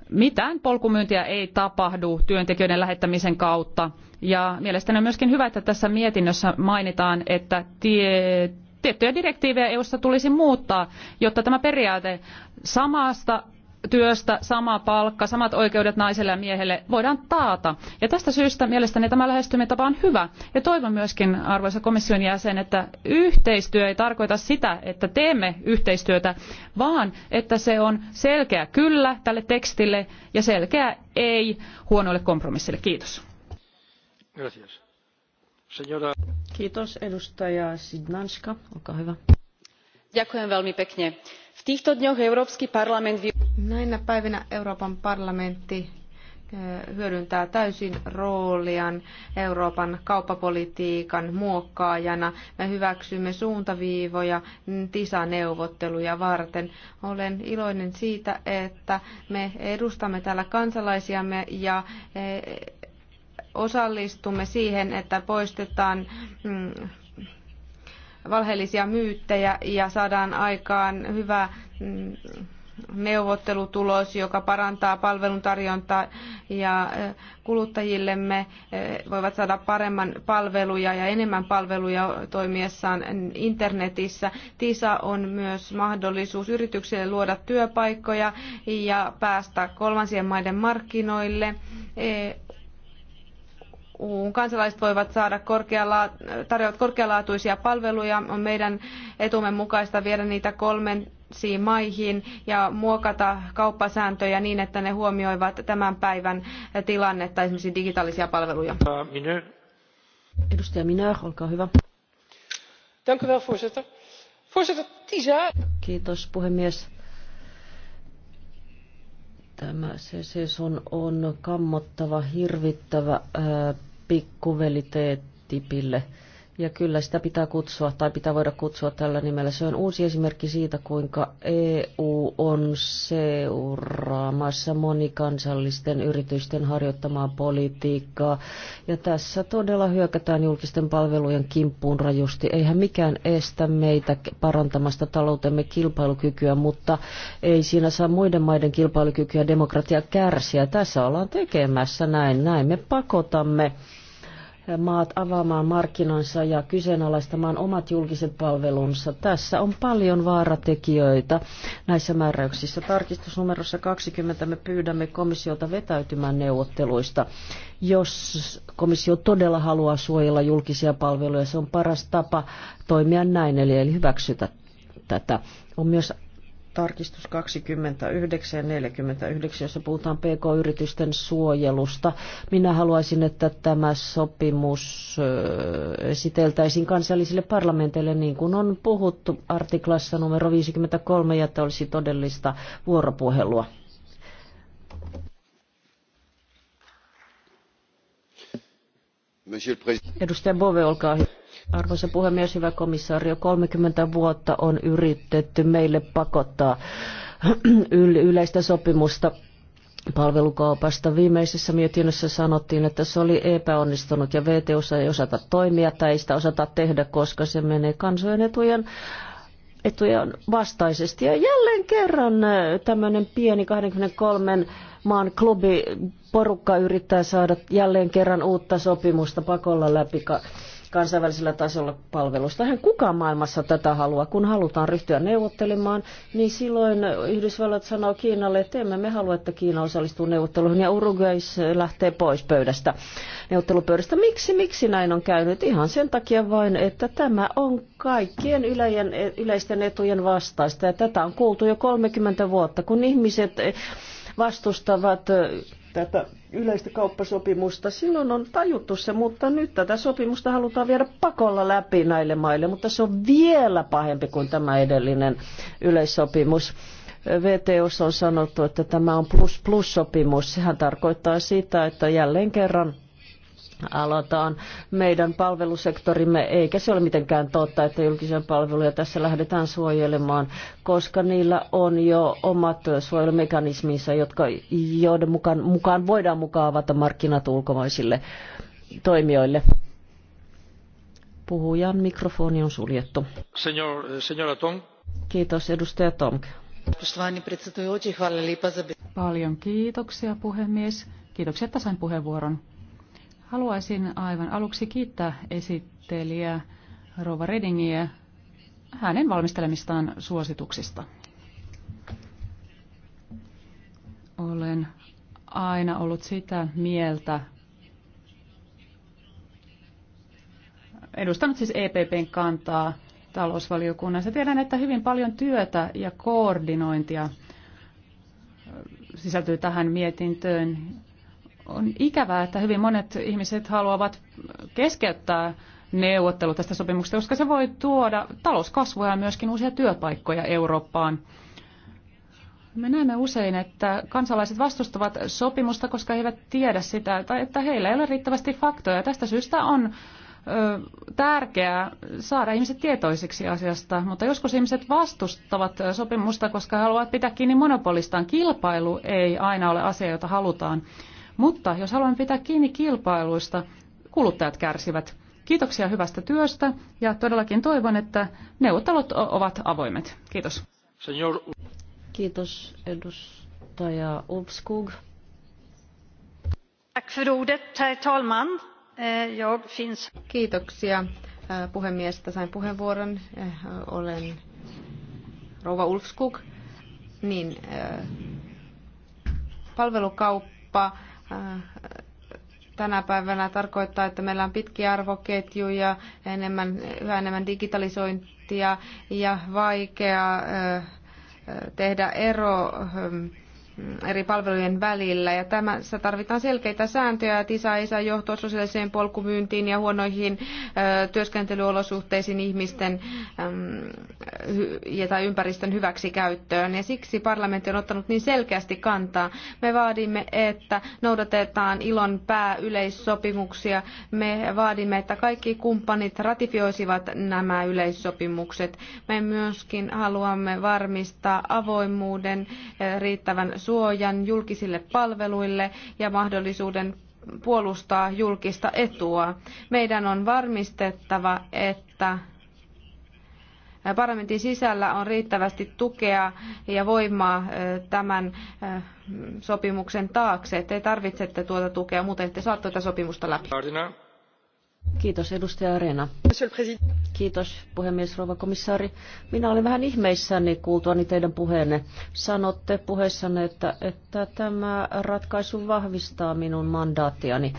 mitään polkumyyntiä ei tapahdu työntekijöiden lähettämisen kautta. Ja mielestäni on myöskin hyvä, että tässä mietinnössä mainitaan, että tie, tiettyjä direktiivejä EUssa tulisi muuttaa, jotta tämä periaate samasta työstä sama palkka, samat oikeudet naiselle ja miehelle voidaan taata. Ja tästä syystä mielestäni tämä lähestymistapa on hyvä. Ja toivon myöskin, arvoisa komission jäsen, että yhteistyö ei tarkoita sitä, että teemme yhteistyötä, vaan että se on selkeä kyllä tälle tekstille ja selkeä ei huonoille kompromissille. Kiitos. Kiitos edustaja Sidnanska, olkaa hyvä v týchto dňoch Európsky parlament... Näinä päivinä Euroopan parlamentti eh, hyödyntää täysin rooliaan Euroopan kauppapolitiikan muokkaajana. Me hyväksymme suuntaviivoja TISA-neuvotteluja varten. Olen iloinen siitä, että me edustamme täällä kansalaisiamme ja eh, osallistumme siihen, että poistetaan mm, valheellisia myyttejä ja saadaan aikaan hyvä mm, neuvottelutulos, joka parantaa palvelun tarjontaa ja kuluttajillemme voivat saada paremman palveluja ja enemmän palveluja toimiessaan internetissä. TISA on myös mahdollisuus yrityksille luoda työpaikkoja ja päästä kolmansien maiden markkinoille. E, EUn kansalaiset voivat saada korkealaatuisia palveluja. On meidän etumme mukaista viedä niitä kolmansiin maihin ja muokata kauppasääntöjä niin, että ne huomioivat tämän päivän tilannetta, esimerkiksi digitaalisia palveluja. Minä. Minä, hyvä. Kiitos, puhemies. Tämä se, se on, on kammottava, hirvittävä ää, tipille. Ja kyllä sitä pitää kutsua, tai pitää voida kutsua tällä nimellä. Se on uusi esimerkki siitä, kuinka EU on seuraamassa monikansallisten yritysten harjoittamaa politiikkaa. Ja tässä todella hyökätään julkisten palvelujen kimppuun rajusti. Eihän mikään estä meitä parantamasta taloutemme kilpailukykyä, mutta ei siinä saa muiden maiden kilpailukykyä demokratia kärsiä. Tässä ollaan tekemässä näin. Näin me pakotamme maat avaamaan markkinansa ja kyseenalaistamaan omat julkiset palvelunsa. Tässä on paljon vaaratekijöitä näissä määräyksissä. Tarkistusnumerossa 20 me pyydämme komissiota vetäytymään neuvotteluista. Jos komissio todella haluaa suojella julkisia palveluja, se on paras tapa toimia näin, eli, eli hyväksytä tätä. On myös tarkistus 2949, jossa puhutaan PK-yritysten suojelusta. Minä haluaisin, että tämä sopimus esiteltäisiin kansallisille parlamenteille, niin kuin on puhuttu artiklassa numero 53, ja että olisi todellista vuoropuhelua. Edustaja Bove, olkaa hyvä. Arvoisa puhemies, hyvä komissaario, 30 vuotta on yritetty meille pakottaa yleistä sopimusta palvelukaupasta. Viimeisessä mietinnössä sanottiin, että se oli epäonnistunut ja VTUssa ei osata toimia tai ei sitä osata tehdä, koska se menee kansojen etujen etujen vastaisesti. Ja jälleen kerran äh, tämmöinen pieni 23 maan klubi porukka yrittää saada jälleen kerran uutta sopimusta pakolla läpi kansainvälisellä tasolla palvelusta. Hän kukaan maailmassa tätä haluaa. Kun halutaan ryhtyä neuvottelemaan, niin silloin Yhdysvallat sanoo Kiinalle, että emme me halua, että Kiina osallistuu neuvotteluihin ja Uruguay lähtee pois pöydästä, neuvottelupöydästä. Miksi, miksi näin on käynyt? Ihan sen takia vain, että tämä on kaikkien yleien, yleisten etujen vastaista ja tätä on kuultu jo 30 vuotta, kun ihmiset vastustavat tätä yleistä kauppasopimusta. Silloin on tajuttu se, mutta nyt tätä sopimusta halutaan viedä pakolla läpi näille maille, mutta se on vielä pahempi kuin tämä edellinen yleissopimus. VTO on sanottu, että tämä on plus-plus-sopimus. Sehän tarkoittaa sitä, että jälleen kerran aloitaan meidän palvelusektorimme, eikä se ole mitenkään totta, että julkisia palveluja tässä lähdetään suojelemaan, koska niillä on jo omat suojelumekanisminsa, jotka, joiden mukaan, mukaan voidaan mukaan avata markkinat ulkomaisille toimijoille. Puhujan mikrofoni on suljettu. Senor, senora Tong. Kiitos, edustaja Tomk. Paljon kiitoksia, puhemies. Kiitoksia, että sain puheenvuoron. Haluaisin aivan aluksi kiittää esittelijä Rova Redingiä hänen valmistelemistaan suosituksista. Olen aina ollut sitä mieltä, edustanut siis EPPn kantaa talousvaliokunnassa. Tiedän, että hyvin paljon työtä ja koordinointia sisältyy tähän mietintöön on ikävää, että hyvin monet ihmiset haluavat keskeyttää neuvottelu tästä sopimuksesta, koska se voi tuoda talouskasvua ja myöskin uusia työpaikkoja Eurooppaan. Me näemme usein, että kansalaiset vastustavat sopimusta, koska he eivät tiedä sitä, tai että heillä ei ole riittävästi faktoja. Tästä syystä on ö, tärkeää saada ihmiset tietoisiksi asiasta, mutta joskus ihmiset vastustavat sopimusta, koska he haluavat pitää kiinni monopolistaan. Kilpailu ei aina ole asia, jota halutaan. Mutta jos haluamme pitää kiinni kilpailuista, kuluttajat kärsivät. Kiitoksia hyvästä työstä ja todellakin toivon, että neuvottelut ovat avoimet. Kiitos. Senior... Kiitos edustaja Ulfskog. talman. Eh, Kiitoksia eh, puhemies, että sain puheenvuoron. Eh, olen rouva Ulfskog. Niin, palvelukauppa Äh, tänä päivänä tarkoittaa, että meillä on pitkiä arvoketjuja, enemmän, yhä enemmän digitalisointia ja vaikea äh, äh, tehdä ero ähm, Mm, eri palvelujen välillä. Ja tämässä tarvitaan selkeitä sääntöjä, että isä ei saa johtua sosiaaliseen polkumyyntiin ja huonoihin työskentelyolosuhteisiin ihmisten tai ympäristön hyväksikäyttöön. Ja siksi parlamentti on ottanut niin selkeästi kantaa. Me vaadimme, että noudatetaan ilon pääyleissopimuksia. Me vaadimme, että kaikki kumppanit ratifioisivat nämä yleissopimukset. Me myöskin haluamme varmistaa avoimuuden riittävän suojan julkisille palveluille ja mahdollisuuden puolustaa julkista etua. Meidän on varmistettava, että parlamentin sisällä on riittävästi tukea ja voimaa tämän sopimuksen taakse. Te tarvitsette tuota tukea, muuten ette saa tuota sopimusta läpi. Kiitos edustaja Arena. Kiitos puhemies rouva komissaari. Minä olin vähän ihmeissäni kuultuani teidän puheenne. Sanotte puheessanne, että, että tämä ratkaisu vahvistaa minun mandaattiani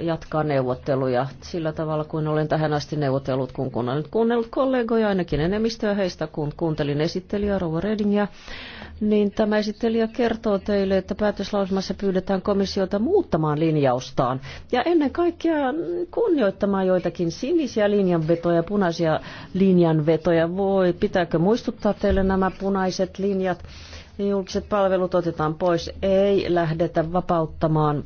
jatkaa neuvotteluja sillä tavalla, kuin olen tähän asti neuvotellut, kun, kun olen nyt kuunnellut kollegoja, ainakin enemmistöä heistä, kun kuuntelin esittelijä Rova Redingia, niin tämä esittelijä kertoo teille, että päätöslausumassa pyydetään komissiota muuttamaan linjaustaan ja ennen kaikkea kunnioittamaan joitakin sinisiä linjanvetoja, punaisia linjanvetoja. Voi, pitääkö muistuttaa teille nämä punaiset linjat? Julkiset palvelut otetaan pois, ei lähdetä vapauttamaan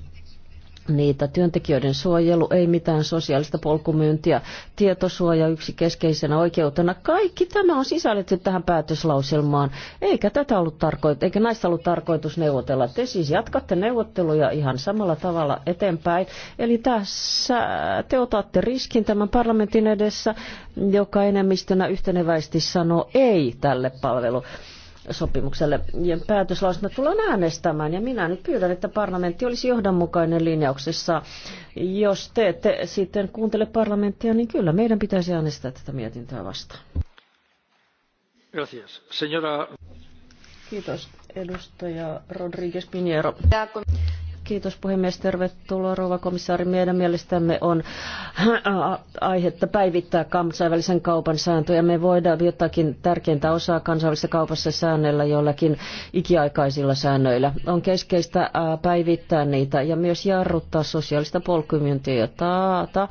niitä. Työntekijöiden suojelu, ei mitään sosiaalista polkumyyntiä, tietosuoja yksi keskeisenä oikeutena. Kaikki tämä on sisällytetty tähän päätöslauselmaan, eikä, tätä ollut tarkoit- eikä näistä ollut tarkoitus neuvotella. Te siis jatkatte neuvotteluja ihan samalla tavalla eteenpäin. Eli tässä te otatte riskin tämän parlamentin edessä, joka enemmistönä yhteneväisesti sanoo ei tälle palvelulle sopimukselle. Ja päätöslausuma tullaan äänestämään ja minä nyt pyydän, että parlamentti olisi johdonmukainen linjauksessa. Jos te ette sitten kuuntele parlamenttia, niin kyllä meidän pitäisi äänestää tätä mietintöä vastaan. Gracias. Señora... Kiitos. Edustaja Rodríguez Pinheiro. Kiitos puhemies. Tervetuloa rouva komissaari. Meidän mielestämme on äh, aihetta päivittää kansainvälisen kaupan sääntöjä. Me voidaan jotakin tärkeintä osaa kansainvälisessä kaupassa säännellä jollakin ikiaikaisilla säännöillä. On keskeistä äh, päivittää niitä ja myös jarruttaa sosiaalista polkumyyntiä ja taata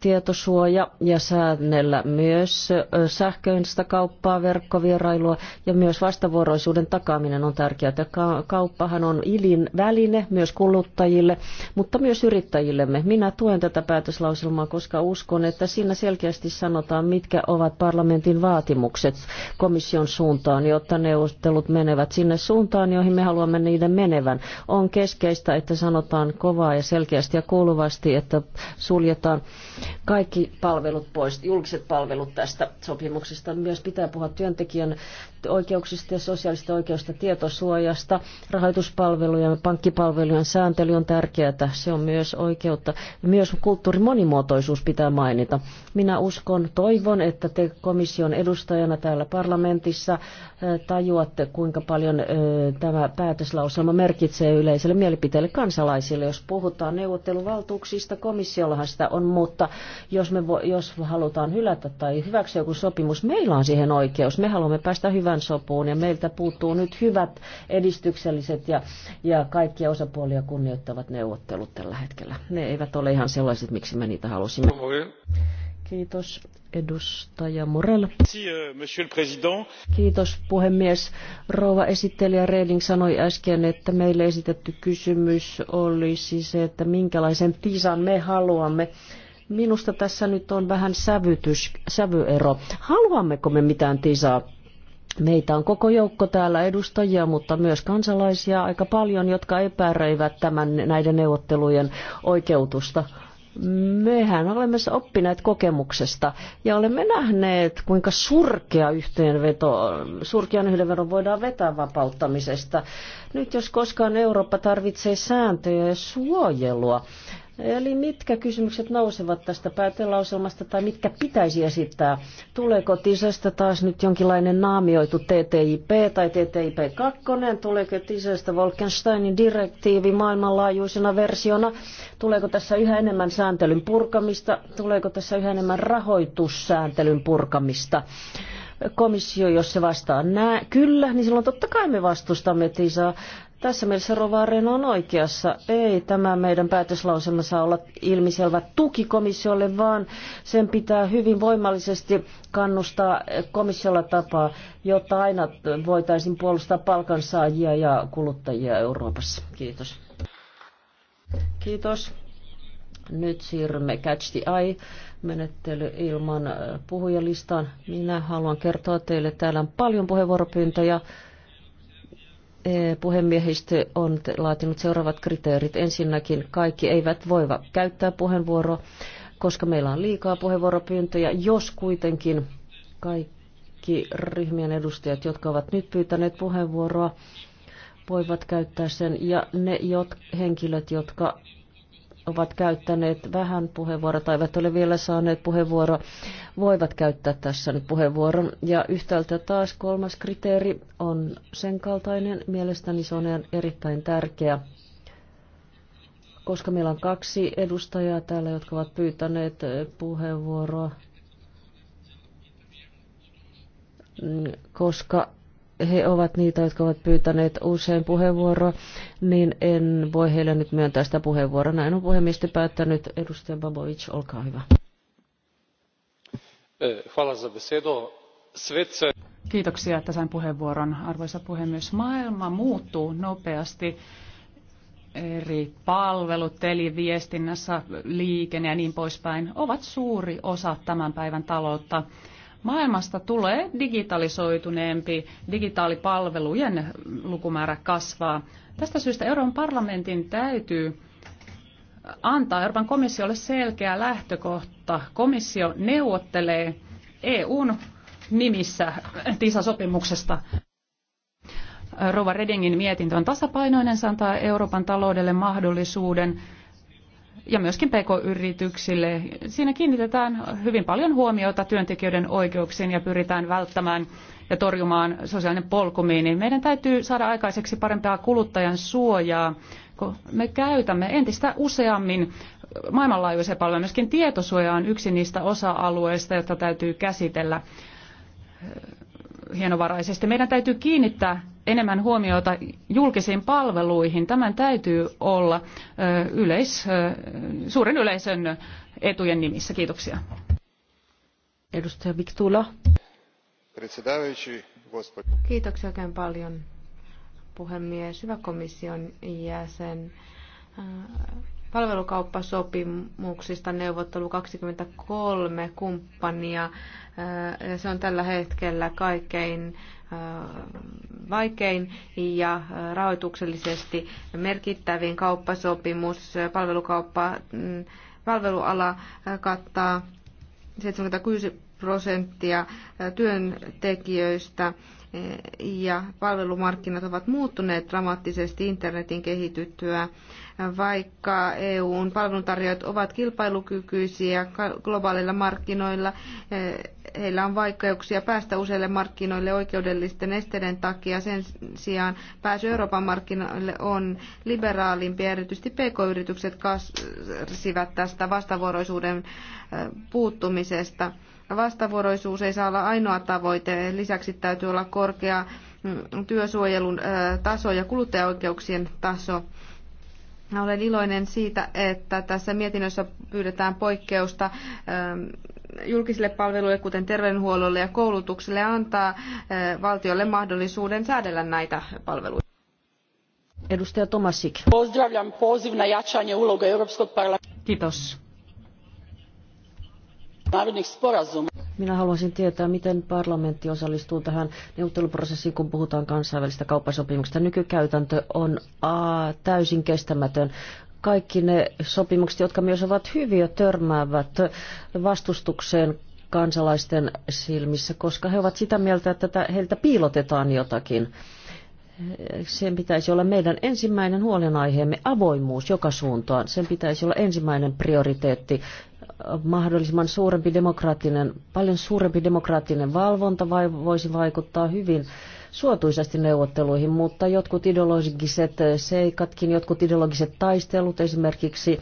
tietosuoja ja säännellä myös sähköistä kauppaa, verkkovierailua ja myös vastavuoroisuuden takaaminen on tärkeää. Kauppahan on ilin väline myös kuluttajille, mutta myös yrittäjillemme. Minä tuen tätä päätöslauselmaa, koska uskon, että siinä selkeästi sanotaan, mitkä ovat parlamentin vaatimukset komission suuntaan, jotta neuvottelut menevät sinne suuntaan, joihin me haluamme niiden menevän. On keskeistä, että sanotaan kovaa ja selkeästi ja kuuluvasti, että suljetaan kaikki palvelut pois, julkiset palvelut tästä sopimuksesta. Myös pitää puhua työntekijän oikeuksista ja sosiaalista oikeusta, tietosuojasta, rahoituspalvelujen, pankkipalvelujen sääntely on tärkeää. Se on myös oikeutta. Myös kulttuurin monimuotoisuus pitää mainita. Minä uskon, toivon, että te komission edustajana täällä parlamentissa äh, tajuatte, kuinka paljon äh, tämä päätöslauselma merkitsee yleiselle mielipiteelle kansalaisille. Jos puhutaan neuvotteluvaltuuksista, komissiollahan sitä on, mutta jos, me vo, jos halutaan hylätä tai hyväksyä joku sopimus, meillä on siihen oikeus. Me haluamme päästä hyvän sopuun ja meiltä puuttuu nyt hyvät edistykselliset ja, ja kaikkia osapuolia kunnioittavat neuvottelut tällä hetkellä. Ne eivät ole ihan sellaiset, miksi me niitä halusimme. Kiitos edustaja Morel. Euh, Kiitos puhemies. Rouva esittelijä Reding sanoi äsken, että meille esitetty kysymys olisi se, että minkälaisen tisan me haluamme Minusta tässä nyt on vähän sävytys, sävyero. Haluammeko me mitään tisaa? Meitä on koko joukko täällä edustajia, mutta myös kansalaisia aika paljon, jotka epäröivät tämän, näiden neuvottelujen oikeutusta mehän olemme oppineet kokemuksesta ja olemme nähneet, kuinka surkea yhteenveto, surkean yhdenveron voidaan vetää vapauttamisesta. Nyt jos koskaan Eurooppa tarvitsee sääntöjä ja suojelua Eli mitkä kysymykset nousevat tästä päätelauselmasta tai mitkä pitäisi esittää? Tuleeko TISEstä taas nyt jonkinlainen naamioitu TTIP tai TTIP2? Tuleeko TISEstä Wolkensteinin direktiivi maailmanlaajuisena versiona? Tuleeko tässä yhä enemmän sääntelyn purkamista? Tuleeko tässä yhä enemmän rahoitussääntelyn purkamista? komissio, jos se vastaa nää, kyllä, niin silloin totta kai me vastustamme TISAa. Tässä mielessä Arena on oikeassa. Ei tämä meidän päätöslauselma saa olla ilmiselvä tuki komissiolle, vaan sen pitää hyvin voimallisesti kannustaa komissiolla tapaa, jotta aina voitaisiin puolustaa palkansaajia ja kuluttajia Euroopassa. Kiitos. Kiitos. Nyt siirrymme Catch the Eye menettely ilman äh, puhujalistaan. Minä haluan kertoa teille, täällä on paljon puheenvuoropyyntöjä. Puhemiehistö on laatinut seuraavat kriteerit. Ensinnäkin kaikki eivät voi käyttää puheenvuoroa, koska meillä on liikaa puheenvuoropyyntöjä. Jos kuitenkin kaikki ryhmien edustajat, jotka ovat nyt pyytäneet puheenvuoroa, voivat käyttää sen. Ja ne jot, henkilöt, jotka ovat käyttäneet vähän puheenvuoroa tai eivät ole vielä saaneet puheenvuoroa, voivat käyttää tässä nyt puheenvuoron. Ja yhtäältä taas kolmas kriteeri on sen kaltainen. Mielestäni se on erittäin tärkeä, koska meillä on kaksi edustajaa täällä, jotka ovat pyytäneet eh, puheenvuoroa mm, koska he ovat niitä, jotka ovat pyytäneet usein puheenvuoroa, niin en voi heille nyt myöntää sitä puheenvuoroa. Näin on puhemiestä päättänyt. Edustaja Babovic, olkaa hyvä. Kiitoksia, että sain puheenvuoron. Arvoisa puhemies, maailma muuttuu nopeasti eri palvelut, televiestinnässä, liikenne ja niin poispäin ovat suuri osa tämän päivän taloutta. Maailmasta tulee digitalisoituneempi, digitaalipalvelujen lukumäärä kasvaa. Tästä syystä Euroopan parlamentin täytyy antaa Euroopan komissiolle selkeä lähtökohta. Komissio neuvottelee EUn nimissä TISA-sopimuksesta. Rova Redingin mietintö on tasapainoinen, se antaa Euroopan taloudelle mahdollisuuden ja myöskin PK-yrityksille. Siinä kiinnitetään hyvin paljon huomiota työntekijöiden oikeuksiin ja pyritään välttämään ja torjumaan sosiaalinen polkumiini. Meidän täytyy saada aikaiseksi parempaa kuluttajan suojaa, kun me käytämme entistä useammin maailmanlaajuisia palveluja. Myöskin tietosuoja on yksi niistä osa-alueista, joita täytyy käsitellä hienovaraisesti. Meidän täytyy kiinnittää enemmän huomiota julkisiin palveluihin. Tämän täytyy olla yleis, suuren yleisön etujen nimissä. Kiitoksia. Edustaja Viktula. Kiitoksia oikein paljon, puhemies. Hyvä komission jäsen palvelukauppasopimuksista neuvottelu 23 kumppania. Äh, se on tällä hetkellä kaikkein äh, vaikein ja äh, rahoituksellisesti merkittävin kauppasopimus. Palvelukauppa, mm, palveluala kattaa 76 prosenttia työntekijöistä ja palvelumarkkinat ovat muuttuneet dramaattisesti internetin kehityttyä. Vaikka EUn palveluntarjoajat ovat kilpailukykyisiä globaaleilla markkinoilla, heillä on vaikeuksia päästä useille markkinoille oikeudellisten esteiden takia. Sen sijaan pääsy Euroopan markkinoille on liberaalimpi ja erityisesti pk-yritykset kärsivät tästä vastavuoroisuuden puuttumisesta vastavuoroisuus ei saa olla ainoa tavoite. Lisäksi täytyy olla korkea mm, työsuojelun taso ja kuluttajaoikeuksien taso. Olen iloinen siitä, että tässä mietinnössä pyydetään poikkeusta julkisille palveluille, kuten terveydenhuollolle ja koulutukselle, antaa valtiolle mahdollisuuden säädellä näitä palveluita. Edustaja Tomasik. Pozdravljam poziv na jačanje uloga Europskog parlamenta. Kiitos minä haluaisin tietää, miten parlamentti osallistuu tähän neuvotteluprosessiin, kun puhutaan kansainvälistä kauppasopimuksesta. Nykykäytäntö on a, täysin kestämätön kaikki ne sopimukset, jotka myös ovat hyviä, törmäävät vastustukseen kansalaisten silmissä, koska he ovat sitä mieltä, että heiltä piilotetaan jotakin. Sen pitäisi olla meidän ensimmäinen huolenaiheemme, avoimuus joka suuntaan. Sen pitäisi olla ensimmäinen prioriteetti mahdollisimman suurempi demokraattinen, paljon suurempi demokraattinen valvonta vai, voisi vaikuttaa hyvin suotuisasti neuvotteluihin, mutta jotkut ideologiset seikatkin, jotkut ideologiset taistelut, esimerkiksi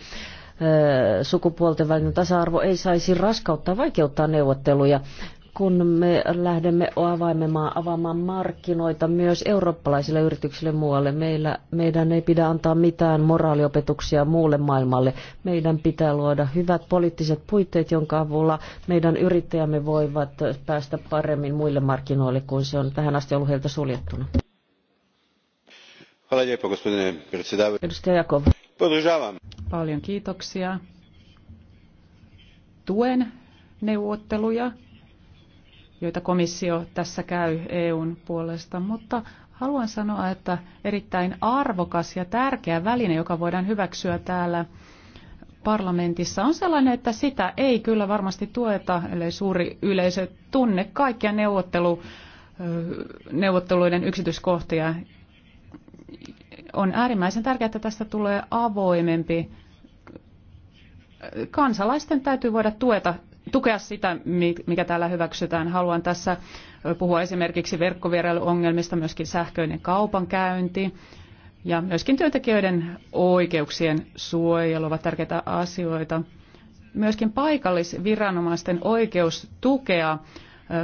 sukupuolten välinen tasa-arvo ei saisi raskauttaa vaikeuttaa neuvotteluja kun me lähdemme avaimemaan, avaamaan markkinoita myös eurooppalaisille yrityksille muualle. Meillä, meidän ei pidä antaa mitään moraaliopetuksia muulle maailmalle. Meidän pitää luoda hyvät poliittiset puitteet, jonka avulla meidän yrittäjämme voivat päästä paremmin muille markkinoille, kun se on tähän asti ollut heiltä suljettuna. Edustaja Jakov. Paljon kiitoksia. Tuen neuvotteluja joita komissio tässä käy EUn puolesta, mutta haluan sanoa, että erittäin arvokas ja tärkeä väline, joka voidaan hyväksyä täällä parlamentissa, on sellainen, että sitä ei kyllä varmasti tueta, ellei suuri yleisö tunne kaikkia neuvottelu, neuvotteluiden yksityiskohtia. On äärimmäisen tärkeää, että tästä tulee avoimempi kansalaisten täytyy voida tueta tukea sitä, mikä täällä hyväksytään. Haluan tässä puhua esimerkiksi verkkovierailuongelmista, myöskin sähköinen kaupankäynti ja myöskin työntekijöiden oikeuksien suojelu ovat tärkeitä asioita. Myöskin paikallisviranomaisten oikeus tukea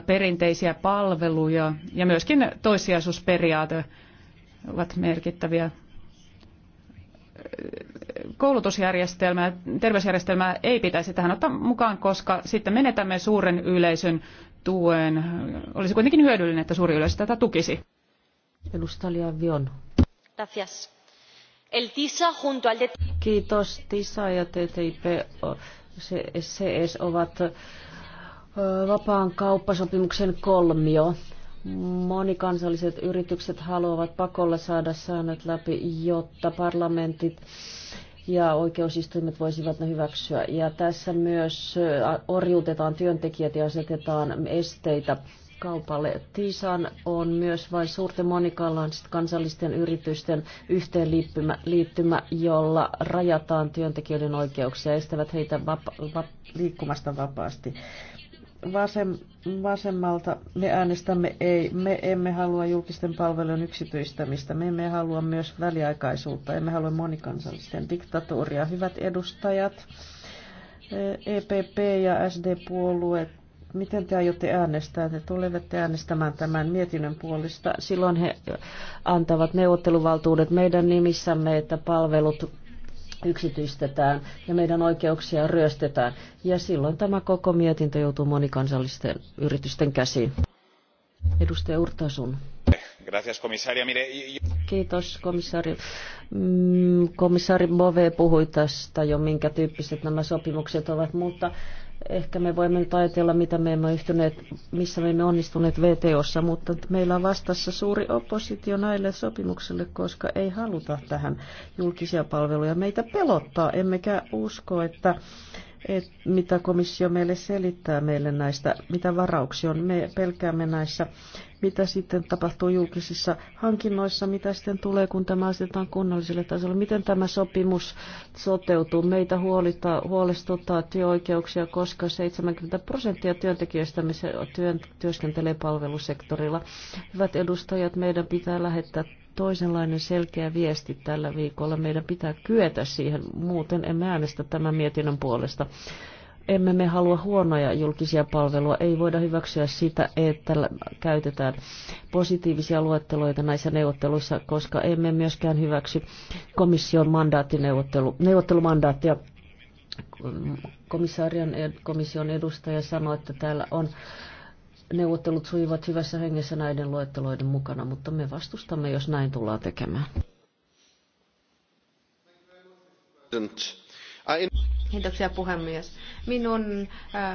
perinteisiä palveluja ja myöskin toissijaisuusperiaate ovat merkittäviä koulutusjärjestelmää, terveysjärjestelmää ei pitäisi tähän ottaa mukaan, koska sitten menetämme suuren yleisön tuen. Olisi kuitenkin hyödyllinen, että suuri yleisö tätä tukisi. Edustaja Vion. Gracias. El TISA junto al Kiitos. TISA ja TTIP CS ovat vapaan kauppasopimuksen kolmio. Monikansalliset yritykset haluavat pakolla saada säännöt läpi, jotta parlamentit ja oikeusistuimet voisivat ne hyväksyä. Ja tässä myös äh, orjuutetaan työntekijät ja asetetaan esteitä kaupalle. Tiisan on myös vain suurten kansallisten yritysten yhteenliittymä, liittymä, jolla rajataan työntekijöiden oikeuksia ja estävät heitä vapa- va- liikkumasta vapaasti vasem, vasemmalta me äänestämme ei. Me emme halua julkisten palvelujen yksityistämistä. Me emme halua myös väliaikaisuutta. Emme halua monikansallisten diktatuuria. Hyvät edustajat, EPP ja SD-puolue, miten te aiotte äänestää? Te tulette äänestämään tämän mietinnön puolesta. Silloin he antavat neuvotteluvaltuudet meidän nimissämme, että palvelut yksityistetään ja meidän oikeuksia ryöstetään. Ja silloin tämä koko mietintö joutuu monikansallisten yritysten käsiin. Edustaja Urtasun. Kiitos komissaari. Mm, komissaari Bove puhui tästä jo, minkä tyyppiset nämä sopimukset ovat, mutta Ehkä me voimme nyt ajatella, mitä me emme yhtyneet, missä me emme onnistuneet VTOssa, mutta meillä on vastassa suuri oppositio näille sopimukselle, koska ei haluta tähän julkisia palveluja. Meitä pelottaa, emmekä usko, että et, mitä komissio meille selittää meille näistä, mitä varauksia on. Me pelkäämme näissä, mitä sitten tapahtuu julkisissa hankinnoissa, mitä sitten tulee, kun tämä asetetaan kunnalliselle tasolle. Miten tämä sopimus toteutuu? Meitä huolita, huolestuttaa työoikeuksia, koska 70 prosenttia työntekijöistä työn, työskentelee palvelusektorilla. Hyvät edustajat, meidän pitää lähettää toisenlainen selkeä viesti tällä viikolla. Meidän pitää kyetä siihen, muuten emme äänestä tämän mietinnön puolesta. Emme me halua huonoja julkisia palveluja. Ei voida hyväksyä sitä, että käytetään positiivisia luetteloita näissä neuvotteluissa, koska emme myöskään hyväksy komission neuvottelumandaattia komissaarion komission edustaja sanoi, että täällä on Neuvottelut sujuvat hyvässä hengessä näiden luetteloiden mukana, mutta me vastustamme, jos näin tullaan tekemään. Kiitoksia puhemies. Minun äh,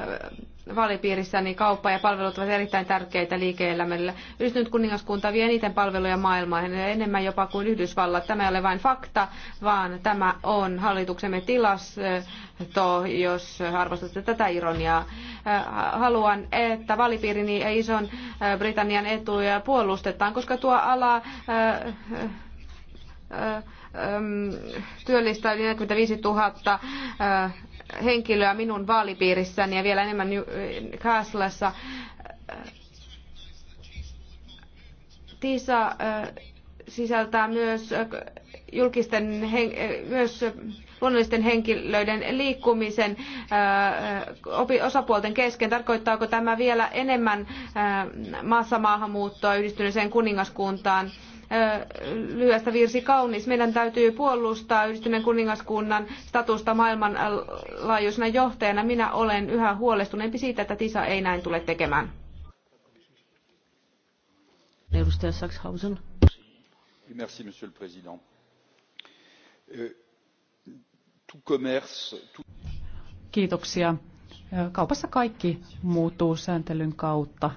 vaalipiirissäni kauppa ja palvelut ovat erittäin tärkeitä liike-elämälle. Yhdistynyt kuningaskunta vie eniten palveluja maailmaan, enemmän jopa kuin Yhdysvallat. Tämä ei ole vain fakta, vaan tämä on hallituksemme tilasto, jos arvostatte tätä ironiaa. Äh, haluan, että vaalipiirini ja ison äh, Britannian etuja puolustetaan, koska tuo ala... Äh, äh, työllistää yli 45 000 henkilöä minun vaalipiirissäni ja vielä enemmän Kaslassa. TISA sisältää myös julkisten, myös luonnollisten henkilöiden liikkumisen osapuolten kesken. Tarkoittaako tämä vielä enemmän massamaahanmuuttoa yhdistyneeseen kuningaskuntaan? lyhyestä virsi kaunis. Meidän täytyy puolustaa yhdistyneen kuningaskunnan statusta maailmanlaajuisena johtajana. Minä olen yhä huolestuneempi siitä, että TISA ei näin tule tekemään. Edustaja Sachshausen. Merci, monsieur le président. Euh, Kiitoksia. Kaupassa kaikki muuttuu sääntelyn kautta.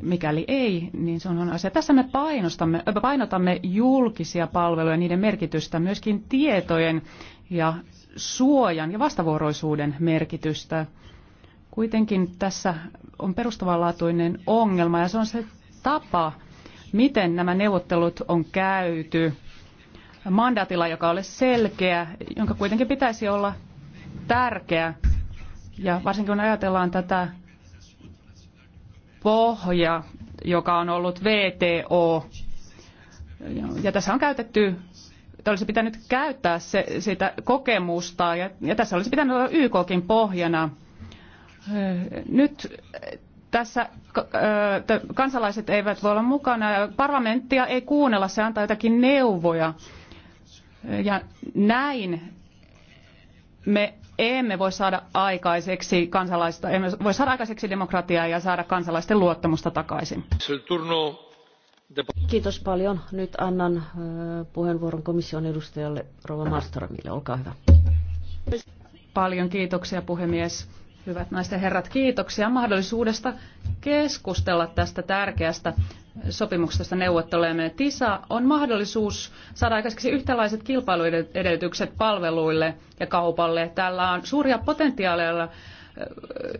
Mikäli ei, niin se on huono asia. Tässä me painostamme, painotamme julkisia palveluja, niiden merkitystä, myöskin tietojen ja suojan ja vastavuoroisuuden merkitystä. Kuitenkin tässä on perustavanlaatuinen ongelma ja se on se tapa, miten nämä neuvottelut on käyty mandaatilla, joka ole selkeä, jonka kuitenkin pitäisi olla tärkeä. Ja varsinkin kun ajatellaan tätä pohja, joka on ollut VTO. Ja tässä on käytetty, olisi pitänyt käyttää se, sitä kokemusta ja, ja tässä olisi pitänyt olla YKkin pohjana. Nyt tässä kansalaiset eivät voi olla mukana. Parlamenttia ei kuunnella, se antaa jotakin neuvoja. Ja näin me emme voi saada aikaiseksi kansalaista, emme voi saada aikaiseksi demokratiaa ja saada kansalaisten luottamusta takaisin. Kiitos paljon. Nyt annan puheenvuoron komission edustajalle Rova Marströmille. Olkaa hyvä. Paljon kiitoksia puhemies. Hyvät naiset ja herrat, kiitoksia mahdollisuudesta keskustella tästä tärkeästä sopimuksesta neuvottelemme. TISA on mahdollisuus saada aikaiseksi yhtälaiset kilpailuedellytykset palveluille ja kaupalle. Tällä on suuria potentiaaleja äh,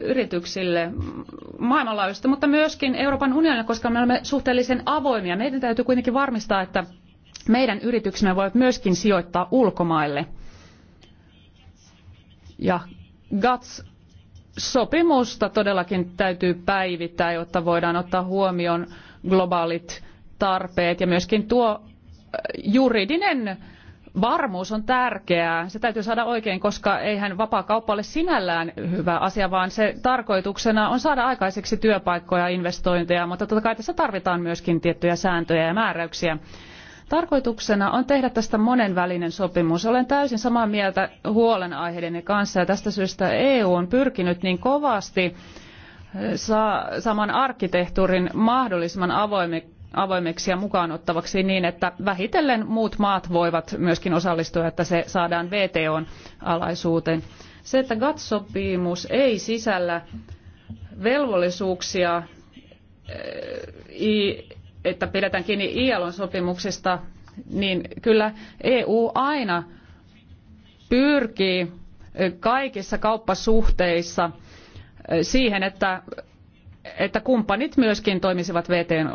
yrityksille maailmanlaajuisesti, mutta myöskin Euroopan unionille, koska me olemme suhteellisen avoimia. Meidän täytyy kuitenkin varmistaa, että meidän yrityksemme voivat myöskin sijoittaa ulkomaille. Ja GATS sopimusta todellakin täytyy päivittää, jotta voidaan ottaa huomioon globaalit tarpeet ja myöskin tuo äh, juridinen varmuus on tärkeää. Se täytyy saada oikein, koska eihän vapaakauppa ole sinällään hyvä asia, vaan se tarkoituksena on saada aikaiseksi työpaikkoja ja investointeja, mutta totta kai tässä tarvitaan myöskin tiettyjä sääntöjä ja määräyksiä. Tarkoituksena on tehdä tästä monenvälinen sopimus. Olen täysin samaa mieltä huolenaiheiden kanssa ja tästä syystä EU on pyrkinyt niin kovasti eh, saa saman arkkitehtuurin mahdollisimman avoimeksi ja mukaanottavaksi niin, että vähitellen muut maat voivat myöskin osallistua, että se saadaan VTOn alaisuuteen. Se, että GATT-sopimus ei sisällä velvollisuuksia eh, että pidetään kiinni ILOn sopimuksista, niin kyllä EU aina pyrkii kaikissa kauppasuhteissa siihen, että että kumppanit myöskin toimisivat VTOn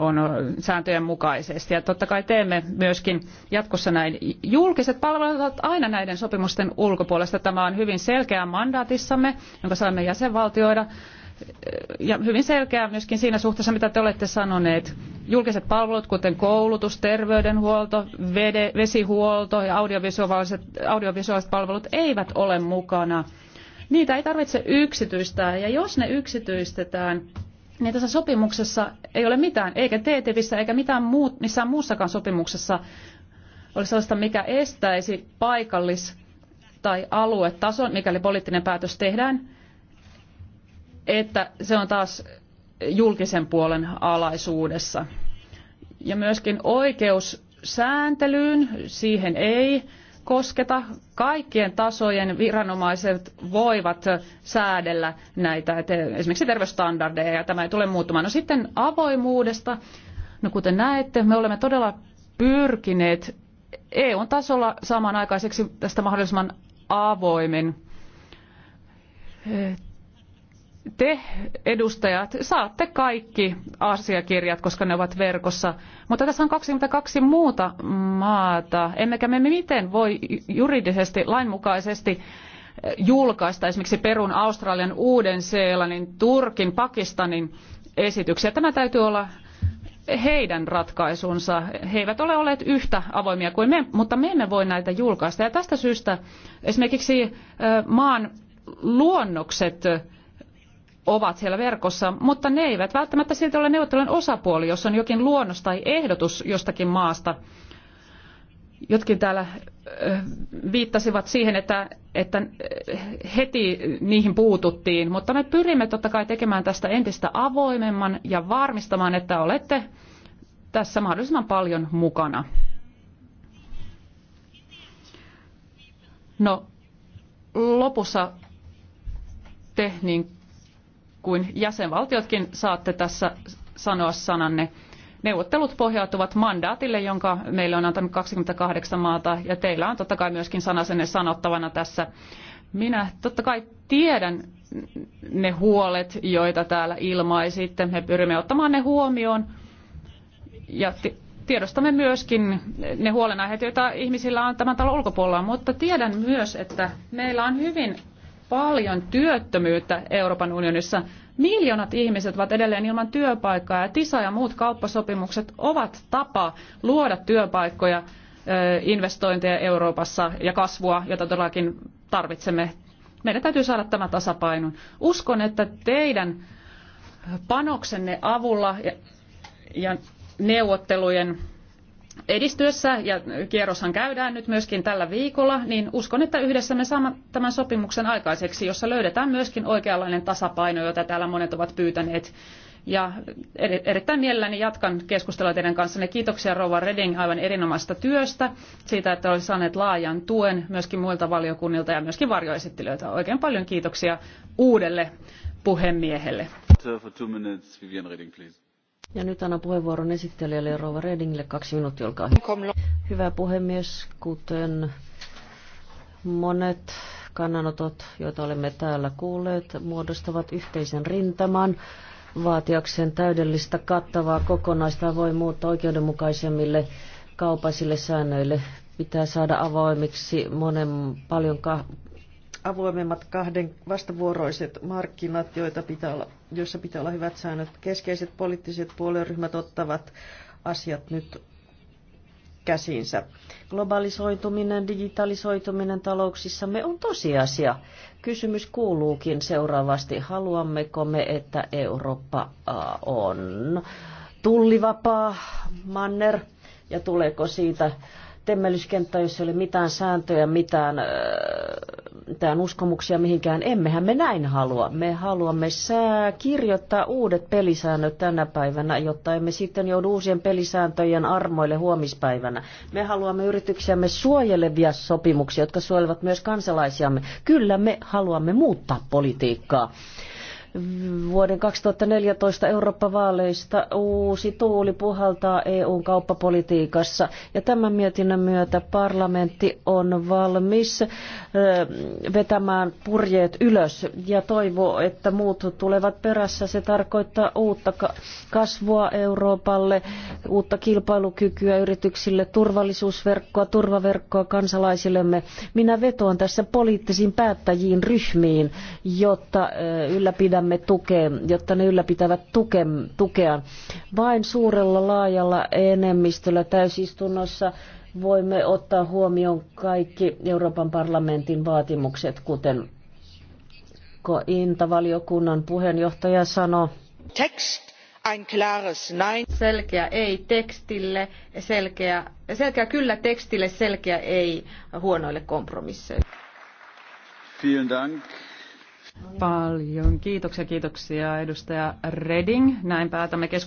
sääntöjen mukaisesti. Ja totta kai teemme myöskin jatkossa näin. Julkiset palvelut ovat aina näiden sopimusten ulkopuolesta. Tämä on hyvin selkeä mandaatissamme, jonka saimme jäsenvaltioida ja hyvin selkeä, myöskin siinä suhteessa, mitä te olette sanoneet. Julkiset palvelut, kuten koulutus, terveydenhuolto, vede, vesihuolto ja audiovisuaaliset, audiovisuaaliset palvelut eivät ole mukana. Niitä ei tarvitse yksityistää ja jos ne yksityistetään, niin tässä sopimuksessa ei ole mitään, eikä TTIPissä eikä mitään muut, missään muussakaan sopimuksessa ole sellaista, mikä estäisi paikallis- tai aluetason, mikäli poliittinen päätös tehdään, että se on taas julkisen puolen alaisuudessa. Ja myöskin oikeus sääntelyyn, siihen ei kosketa. Kaikkien tasojen viranomaiset voivat säädellä näitä, esimerkiksi terveysstandardeja, ja tämä ei tule muuttumaan. No sitten avoimuudesta, no kuten näette, me olemme todella pyrkineet EU-tasolla samanaikaiseksi tästä mahdollisimman avoimen te edustajat saatte kaikki asiakirjat, koska ne ovat verkossa. Mutta tässä on 22 muuta maata, emmekä me miten voi juridisesti, lainmukaisesti eh, julkaista esimerkiksi Perun, Australian, Uuden-Seelannin, Turkin, Pakistanin esityksiä. Tämä täytyy olla heidän ratkaisunsa. He eivät ole olleet yhtä avoimia kuin me, mutta me emme voi näitä julkaista. Ja tästä syystä esimerkiksi eh, maan luonnokset ovat siellä verkossa, mutta ne eivät välttämättä silti ole neuvottelujen osapuoli, jos on jokin luonnos tai ehdotus jostakin maasta. Jotkin täällä viittasivat siihen, että, että heti niihin puututtiin, mutta me pyrimme totta kai tekemään tästä entistä avoimemman ja varmistamaan, että olette tässä mahdollisimman paljon mukana. No, lopussa te, niin kuin jäsenvaltiotkin saatte tässä sanoa sananne. Neuvottelut pohjautuvat mandaatille, jonka meille on antanut 28 maata, ja teillä on totta kai myöskin sanasenne sanottavana tässä. Minä totta kai tiedän ne huolet, joita täällä ilmaisitte. Me pyrimme ottamaan ne huomioon, ja tiedostamme myöskin ne huolenaiheet, joita ihmisillä on tämän talon ulkopuolella, mutta tiedän myös, että meillä on hyvin paljon työttömyyttä Euroopan unionissa. Miljoonat ihmiset ovat edelleen ilman työpaikkaa ja TISA ja muut kauppasopimukset ovat tapa luoda työpaikkoja, investointeja Euroopassa ja kasvua, jota todellakin tarvitsemme. Meidän täytyy saada tämä tasapaino. Uskon, että teidän panoksenne avulla ja neuvottelujen edistyessä, ja kierroshan käydään nyt myöskin tällä viikolla, niin uskon, että yhdessä me saamme tämän sopimuksen aikaiseksi, jossa löydetään myöskin oikeanlainen tasapaino, jota täällä monet ovat pyytäneet. Ja erittäin mielelläni jatkan keskustelua teidän kanssanne. Kiitoksia Rova Reding aivan erinomaisesta työstä, siitä, että olette saaneet laajan tuen myöskin muilta valiokunnilta ja myöskin varjoesittelijöiltä. Oikein paljon kiitoksia uudelle puhemiehelle. For two minutes, Vivian Reding, please. Ja nyt annan puheenvuoron esittelijälle Rova Redingille kaksi minuuttia, olkaa hyvä. Hyvä puhemies, kuten monet kannanotot, joita olemme täällä kuulleet, muodostavat yhteisen rintaman vaatiakseen täydellistä kattavaa kokonaista avoimuutta oikeudenmukaisemmille kaupallisille säännöille. Pitää saada avoimiksi monen paljon avoimemmat kahden vastavuoroiset markkinat, joita pitää olla, joissa pitää olla hyvät säännöt. Keskeiset poliittiset puolueryhmät ottavat asiat nyt käsiinsä. Globalisoituminen, digitalisoituminen talouksissamme on tosiasia. Kysymys kuuluukin seuraavasti, haluammeko me, että Eurooppa on tullivapaa manner ja tuleeko siitä temmelyskenttä, jos ei ole mitään sääntöjä, mitään mitään uskomuksia mihinkään. Emmehän me näin halua. Me haluamme sää kirjoittaa uudet pelisäännöt tänä päivänä, jotta emme sitten joudu uusien pelisääntöjen armoille huomispäivänä. Me haluamme yrityksiämme suojelevia sopimuksia, jotka suojelevat myös kansalaisiamme. Kyllä me haluamme muuttaa politiikkaa. Vuoden 2014 Eurooppa-vaaleista uusi tuuli puhaltaa EUn kauppapolitiikassa ja tämän mietinnön myötä parlamentti on valmis vetämään purjeet ylös ja toivoo, että muut tulevat perässä. Se tarkoittaa uutta kasvua Euroopalle, uutta kilpailukykyä yrityksille, turvallisuusverkkoa, turvaverkkoa kansalaisillemme. Minä vetoan tässä poliittisiin päättäjiin ryhmiin, jotta ylläpidä ylläpidämme tukea, jotta ne ylläpitävät tuke, tukea. Vain suurella laajalla enemmistöllä täysistunnossa voimme ottaa huomioon kaikki Euroopan parlamentin vaatimukset, kuten Inta-valiokunnan puheenjohtaja sanoi. Text selkeä ei tekstille, selkeä, selkeä kyllä tekstille, selkeä ei huonoille kompromisseille. Paljon kiitoksia, kiitoksia edustaja Reding. Näin päätämme keskustelun.